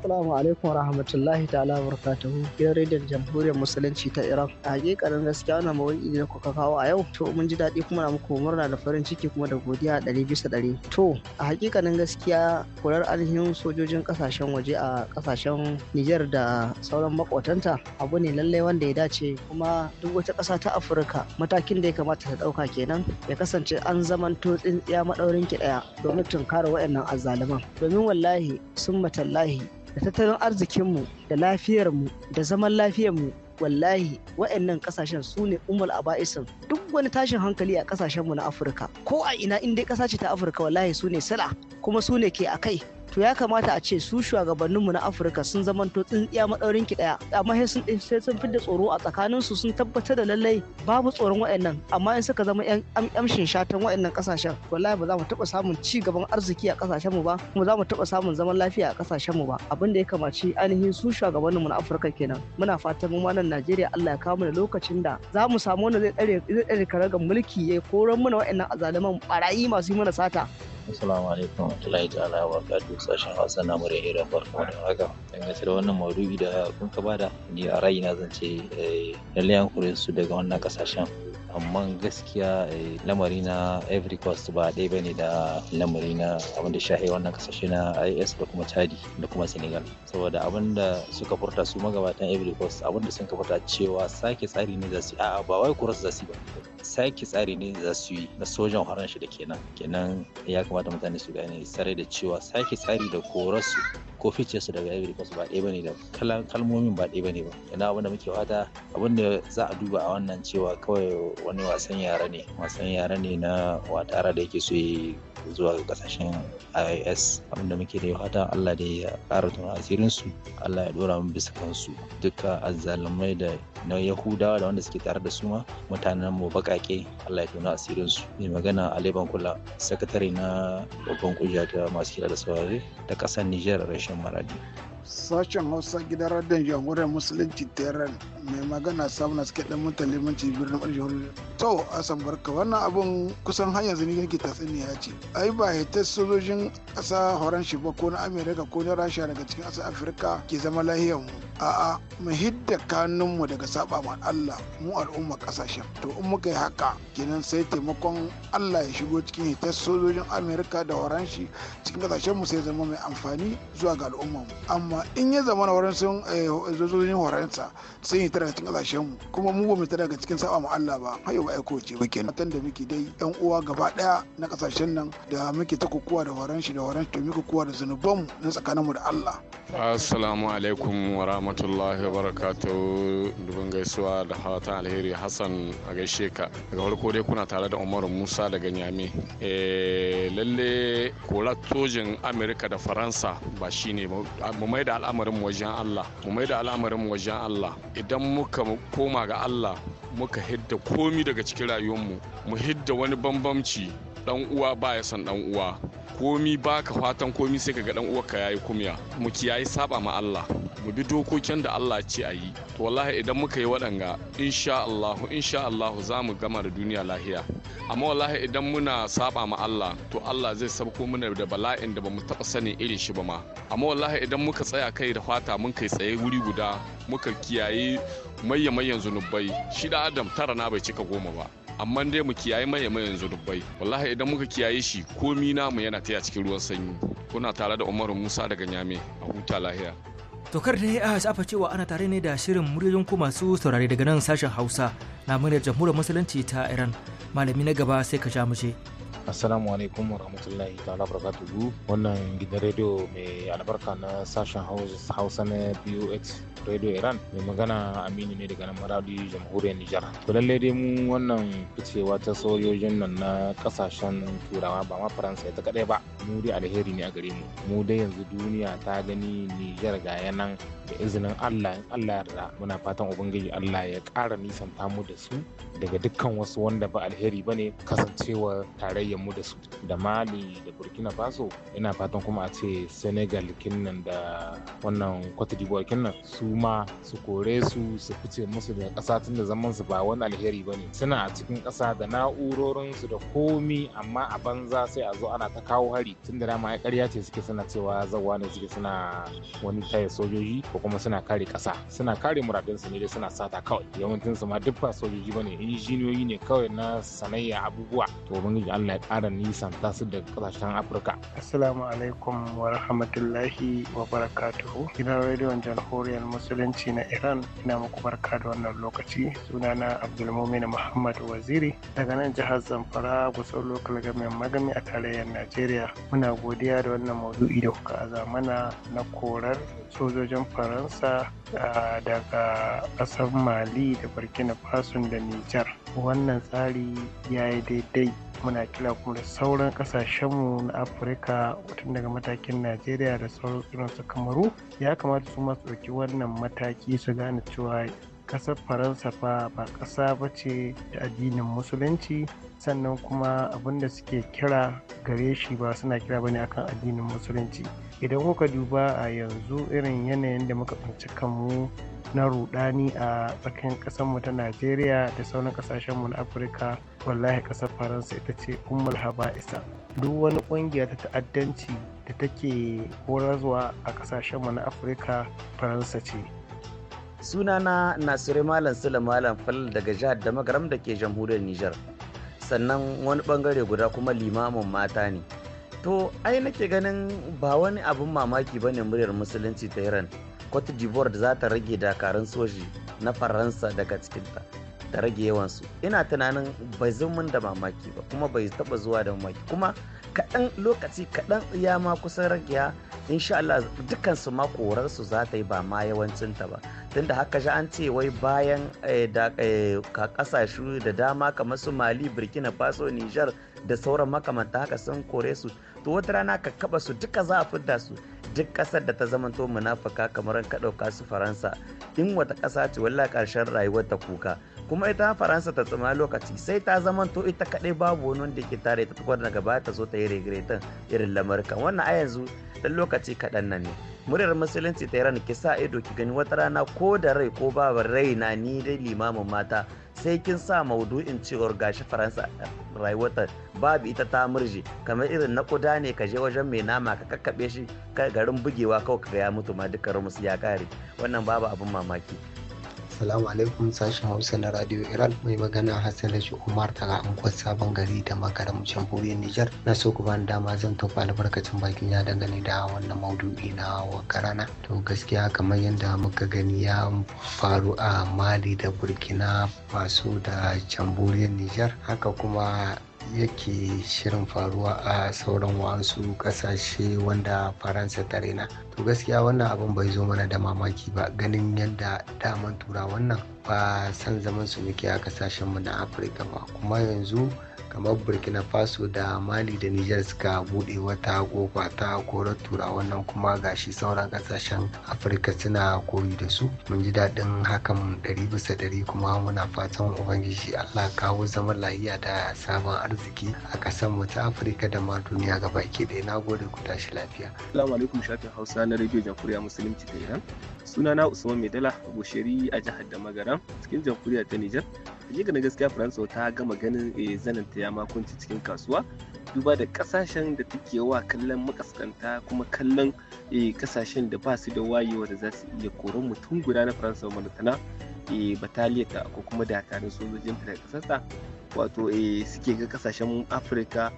Assalamu alaikum rahmatullahi ta'ala barakatuhu gidan rediyon jamhuriyar musulunci ta Iran. A hakikanin gaskiya wannan mawuyi da kuka kawo a yau to mun ji daɗi kuma na muku murna da farin ciki kuma da godiya a ɗari bisa ɗari. To a hakikanin gaskiya kurar ainihin sojojin ƙasashen waje a ƙasashen Nijar da sauran makwatanta abu ne lallai wanda ya dace kuma duk wata ƙasa ta Afirka matakin da ya kamata ta ɗauka kenan ya kasance an zamanto tsintsiya maɗaurin ki ɗaya domin tunkara waɗannan azzaluman domin wallahi sun matallahi da tattalin arzikinmu da lafiyarmu da zaman lafiyarmu wallahi wa'annan kasashen su ne umar aba'isin duk wani tashin hankali a kasashenmu na afirka ko a ina in dai kasa ce ta afirka wallahi su ne sila kuma su ne ke a kai to ya kamata a ce su shugabanninmu na afirka sun zama zamanto tsintsiya maɗaurin ki ɗaya amma sai sun fi da tsoro a tsakanin su sun tabbatar da lallai babu tsoron wayannan. amma in suka zama yan amshin shatan wayannan ƙasashen wallahi ba za mu taɓa samun ci gaban arziki a kasashen mu ba kuma za mu taɓa samun zaman lafiya a kasashen mu ba abin da ya kamaci ainihin su shugabanninmu na afirka kenan muna fatan mu ma nan najeriya allah ya kawo mana lokacin da za mu samu wanda zai tsare zai tsare karagar mulki ya koran mana waɗannan azaliman barayi masu yi mana sata Assalamu alaikum warahmatullahi ta'ala wa barakatuh sashen Hausa na murya Iran barkamu da haka. Dangance da wannan maudu'i da kun ka bada ni a ra'ayina zan ce eh, lallai an kore su daga wannan kasashen amma gaskiya eh, lamari na every cost ba ɗaya ba ne da lamari na abin da shahe wannan kasashe na is da kuma chadi da kuma senegal saboda abin da suka furta su magabatan every cost abin da sun furta cewa sake tsari ne za su a'a ba wai kuras za su ba sake tsari ne za yi na sojan haran shi da kenan kenan ya kamata mutane su gane sarai da cewa sake tsari da korarsu ko fice daga Ivory Coast ba ɗaya bane da kalmomin ba ɗaya bane ba ina abinda muke fata abin da za a duba a wannan cewa kawai wani wasan yara ne wasan yara ne na watara da yake so zuwa ga kasashen IIS abinda muke da fatan Allah da ya ƙara tuna asirin su Allah ya dora mu bisa kansu duka azzalumai da na Yahudawa da wanda suke tare da su ma mutanen mu bakake Allah ya tuna asirin su mai magana Ali Bankula sakatare na babban kungiya ta masu kira da saurare ta ƙasar Nijar rashin maradi Sashen Hausa gidan radiyon jamhuriyar Musulunci Tehran mai magana samun suke dan mutane limanci birnin Aljihun. To, Asan Barka, wannan abun kusan hanyar zini yake yake tatsuniya ce. Ai ba hitar sojojin ƙasa horon shi ba ko na Amerika ko na Rasha daga cikin ƙasar Afirka ke zama lahiyar mu. a'a mu hidda kanunmu daga saba ma Allah mu al'umma kasashen to in muka yi haka kenan sai taimakon Allah ya shigo cikin hitar sojojin Amerika da waranshi cikin kasashen mu sai zama mai amfani zuwa ga al'umma mu amma in ya zama na waran sun eh, sojojin waransa sai hitar daga cikin kasashen mu kuma mu ba mu tada daga cikin saba ma Allah ba har yau ba aiko ce ba kenan da muke dai yan uwa gaba daya na kasashen nan da muke ta kokowa da waranshi da waranshi to muke kokowa da zanubanmu na tsakaninmu da Allah assalamu alaikum wa rahmatullahi wa barakatuhu dubin gaisuwa da fatan alheri Hassan a gaishe ka. Daga farko dai kuna tare da Umaru Musa daga Nyame. Eh, lalle korar tojin Amerika da Faransa ba shine mu mai da al'amarin wajen Allah. Mu mai da al'amarin wajen Allah. Idan muka koma ga Allah muka hidda komi daga cikin rayuwarmu mu hidda wani bambamci dan uwa ba ya san dan uwa komi baka fatan komi sai ka ga dan uwarka yayi kumya mu kiyaye saba ma Allah mu bi dokokin da Allah ce a yi to wallahi idan muka yi waɗanga insha Allah insha Allah za mu gama da duniya lahiya amma wallahi idan muna saba ma Allah to Allah zai sabko mana da bala'in da bamu taba sanin irin shi ba ma amma wallahi idan muka tsaya kai da fata mun kai tsaye wuri guda muka kiyaye mayya mayyan zunubai shi da adam tara na bai cika goma ba amma dai mu kiyaye mai mai yanzu dubbai wallahi idan muka kiyaye shi komi na mu yana taya cikin ruwan sanyi kuna tare da umaru musa daga nyame a huta lahiya tokar da ya shafa cewa ana tare ne da shirin muryoyin ku masu saurare daga nan sashen hausa na muryar jamhuriyar musulunci ta iran malami na gaba sai ka sha mu assalamu alaikum wa rahmatullahi ta'ala barakatuhu wannan gidan rediyo mai albarka na sashen hausa na box radio iran mai magana aminu ne daga nan maradi jamhuriyar nijar to lallai dai mu wannan ficewa ta sojojin nan na kasashen turawa ba ma faransa ta kadai ba mu dai alheri ne a gare mu mu dai yanzu duniya ta gani nijar ga yanan da izinin Allah in Allah ya yarda muna fatan ubangiji Allah ya ƙara nisan mu da su daga dukkan wasu wanda ba alheri bane kasancewa tarayyar mu da su da Mali da Burkina Faso ina fatan kuma a ce Senegal kinnan da wannan Cote d'Ivoire kinnan su ma su kore su su fice musu da ƙasa tun da zaman su ba wani alheri bane suna a cikin ƙasa da na'urorin su da komi amma a banza sai a zo ana ta kawo hari tun da dama ai ƙarya ce suke suna cewa zawa ne suke suna wani taya sojoji ko kuma suna kare kasa suna kare su ne dai suna sata kawai yawancin su ma duk ba sojoji bane injiniyoyi ne kawai na sanayya abubuwa to ubangiji Allah ya ƙara nisan tasu da ƙasashen Afirka assalamu alaikum wa rahmatullahi wa barakatuhu gidan rediyon jamhuriyar musulunci na Iran ina muku barka da wannan lokaci sunana Abdulmumin Muhammad Waziri daga nan jihar Zamfara gusau local government magami a tarayyar Najeriya muna godiya da wannan maudu'i da kuka aza mana na korar sojojin fara faransa daga ƙasar mali da burkina faso da nijar wannan tsari ya yi daidai muna kira kuma da sauran kasashenmu na afirka tun daga matakin najeriya da sauran su kamaru ya kamata su masu ɗauki wannan mataki su gane cewa ƙasar faransa fa ba ƙasa ba ce da addinin musulunci sannan kuma abinda suke kira gare shi ba suna kira bane akan addinin musulunci idan kuka duba a yanzu irin yanayin da muka tsinci kanmu na ruɗani a tsakanin ƙasarmu ta najeriya da sauran ƙasashenmu na afirka wallahi ƙasar faransa ita ce ummul haba'isa duk wani ƙungiya ta ta'addanci da take horarwa a ƙasashenmu na afirka faransa ce sunana nasiru malam sule malam fal daga jihar da magaram da ke jamhuriyar nijar sannan wani ɓangare guda kuma limamin mata ne to ai nake ganin ba wani abin mamaki ba ne muryar musulunci ta iran cote d'ivoire za ta rage dakarun soji na faransa daga cikinta ta rage yawansu ina tunanin bai mun da mamaki ba kuma bai taba zuwa da mamaki kuma kaɗan lokaci kaɗan ya ma kusan ya insha Allah dukkan su ma korarsu za ta yi ba ma yawancin ta ba tunda haka ji an ce wai bayan eh, da eh, kasashe da dama kamar su Mali Burkina Faso nijar. da sauran makamanta haka sun kore su to wata rana ka kaba su duka za a fidda su duk kasar da ta zamanto munafuka kamar ka ɗauka su faransa in wata ƙasa ce walla ƙarshen rayuwar ta kuka kuma ita faransa ta tsama lokaci sai ta zama to ita kaɗai babu wani wanda ke tare ta tukwar daga baya ta zo ta yi regretin irin lamarka wannan a yanzu dan lokaci kaɗan nan ne muryar musulunci ta iran ki sa ido ki gani wata rana ko da rai ko babar rai na ni dai limamin mata sai kin sa maudu'in cewar gashi faransa rayuwata babu ita ta murje kamar irin na kuda ne ka je wajen mai nama ka kakkaɓe shi garin bugewa kawai ka ya mutu ma dukkan musu ya kare wannan babu abin mamaki Assalamu alaikum sashen Hausa na Radio Iran mai magana Hassan Rashi Umar daga Angon Sabon Gari da Makaram Jamhuriyar Nijar. Na so ku bani dama zan tafi albarkacin bakin ya dangane da wannan maudu'i na wakarana. To gaskiya kamar yadda muka gani ya faru a Mali da Burkina Faso da Jamhuriyar Nijar. Haka kuma yake shirin faruwa a sauran wasu kasashe wanda faransa ta raina to gaskiya wannan abin bai zo mana da mamaki ba ganin yadda daman tura wannan ba san zaman su muke a kasashenmu na afirka ba kuma yanzu kamar burkina faso da mali da niger suka bude wata kofa ta korar tura wannan kuma gashi sauran kasashen afirka suna koyi da su mun ji daɗin hakan ɗari bisa ɗari kuma muna fatan ubangiji allah kawo zaman lahiya da sabon arziki a ƙasar mu ta afirka da ma duniya ga baki ɗaya na gode ku tashi lafiya salamu alaikum shafin hausa na rediyo jamhuriya musulunci ta iran suna na usman maidala gosheri a jihar da magaram cikin jamhuriya ta nijar hakika na gaskiya faransa ta gama ganin eh, zanen ta ya makunci cikin kasuwa duba da kasashen da take wa kallon makaskanta kuma kallon kasashen eh, da ba su da wayewa da za su iya koron mutum guda na faransa maritana eh, bataliya ta ko kuma da tare sojojin ta daga kasarsa wato eh, suke ga kasashen afirka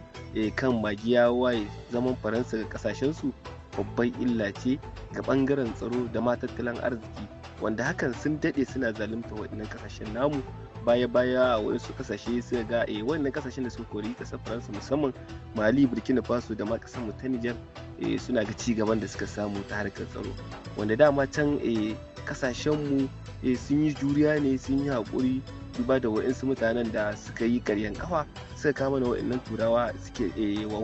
kan magiya waye zaman faransa ga su babban illa ce ga bangaren tsaro da ma tattalin arziki wanda hakan sun daɗe suna zalunta waɗannan kasashen namu baya-baya a wasu kasashe sai ga e eh, wannan kasashen da suka kori kasar faransa musamman mali burkina faso da ma kasar mu ta nijar eh, suna ga ci gaban da suka samu ta harkar tsaro wanda dama can kasashen eh, mu sun yi juriya ne sun yi haƙuri duba da wa'insu mutanen da suka yi karyan kafa suka kama da waɗannan turawa suke wa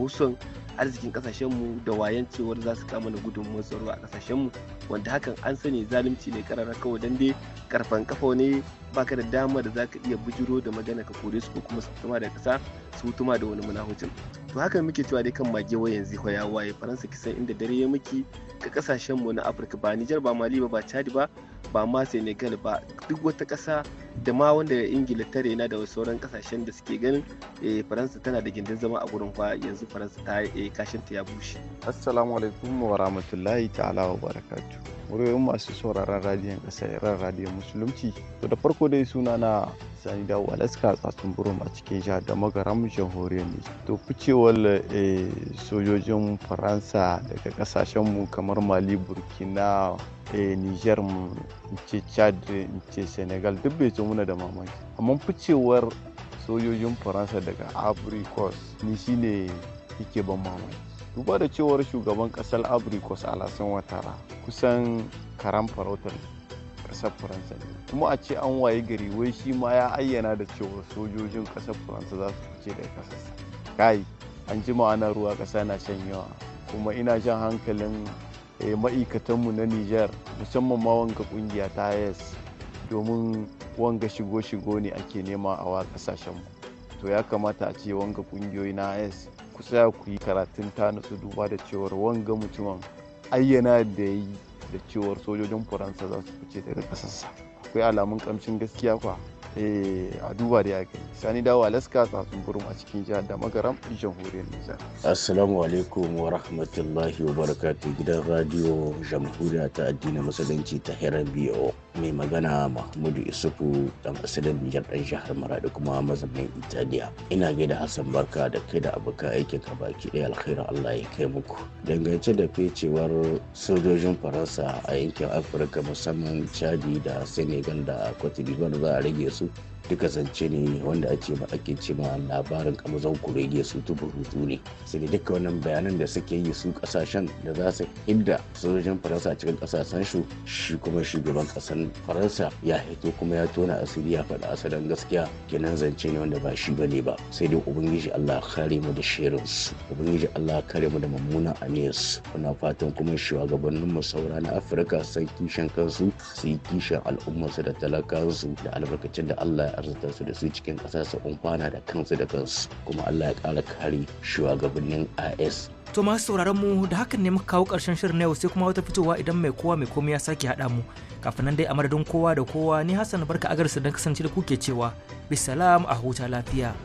arzikin kasashen mu da wayan cewar za su kama da gudun tsaro a mu wanda hakan an sani zalunci ne karara kawai dan dai karfan kafa ne baka da dama da zaka iya bujiro da magana ka kore su ko kuma su tuma da kasa su tuma da wani munahucin to hakan muke cewa dai kan mage wa yanzu ya waye faransa kisan inda dare ya miki ga mu na afirka ba nijar ba mali ba ba chadi ba ba ma senegal ba duk wata ƙasa da ma wanda ingila ta rena da sauran kasashen da suke ganin eh, faransa tana da gindin zama a gurin kwa yanzu faransa ta yi eh, kashin ta ya bushe assalamu alaikum wa rahmatullahi ta'ala wa barakatu wurin masu sauraron radiyon kasa yaran radiyon musulunci to da farko dai suna na sani da alaska tsatsun burum a cikin jihar da magaram jamhuriyar ne to ficewar eh, sojojin faransa daga mu kamar mali burkina E, niger mu ce chad ce senegal duk bai ce muna da mamaki amma ficewar sojojin faransa daga abricos ni shine yake ban mamaki duba da cewar shugaban kasar abricos alasan watara kusan karan farautar kasar faransa ne kuma a ce an waye gari wai shi ma ya ayyana da cewar sojojin kasar faransa za su fice daga kasar kai an jima ana ruwa kasa na shan yawa kuma ina jan hankalin Eh, ma'aikatanmu na Nijar musamman ma wanga kungiya ta yes domin wanga shigo-shigo ne ake nema a wa kasashenmu to ya kamata a ce wanga kungiyoyi na yes kusa tsaya ku yi karatun ta nutsu duba da cewar wanga mutumin ayyana da yi da cewar sojojin faransa za su fice daga ƙasarsa akwai alamun kamshin gaskiya kwa Eh, a duba da ya sani dawo alaska tsatsun burum a cikin jihar da magaram jamhuriyar nijar assalamu alaikum wa rahmatullahi wa barakatuh gidan radiyo jamhuriya ta addinin musulunci ta heran biyo mai magana mahmudu isufu dan asalin nijar dan jihar maradi kuma mazaunin italiya ina gaida hassan barka da kai da abokan aikin ka baki ɗaya alkhairin allah ya kai muku dangance da fecewar sojojin faransa a yankin afirka musamman chadi da senegal da cote d'ivoire za a rage su duka zance ne wanda ake ba ake ce ma labarin kamazan kurege su tubu hutu ne sai da duka wannan bayanan da suke yi su kasashen da za su inda sojojin faransa a cikin kasashen su shi kuma shugaban kasan faransa ya hito kuma ya tona asiri ya faɗa asalin gaskiya kenan zance ne wanda ba shi ne ba sai dai ubangiji allah kare mu da shirin su ubangiji allah kare mu da mummunan aniyas muna fatan kuma shugabannin mu saura na afirka san kishin kansu su yi kishin al'ummarsu da talakansu da albarkacin da allah arzikinsu da su cikin ƙasa su umfana da kansu da kansu kuma Allah ya kara kari shugabannin IS To masu sauraron mu da hakan ne muka kawo karshen shirin na yau sai kuma wata fitowa idan mai kowa mai komai ya sake haɗa mu. Kafin nan dai a madadin kowa da kowa ni Hassan barka agarsu don kasance da kuke cewa bisalam a huta lafiya.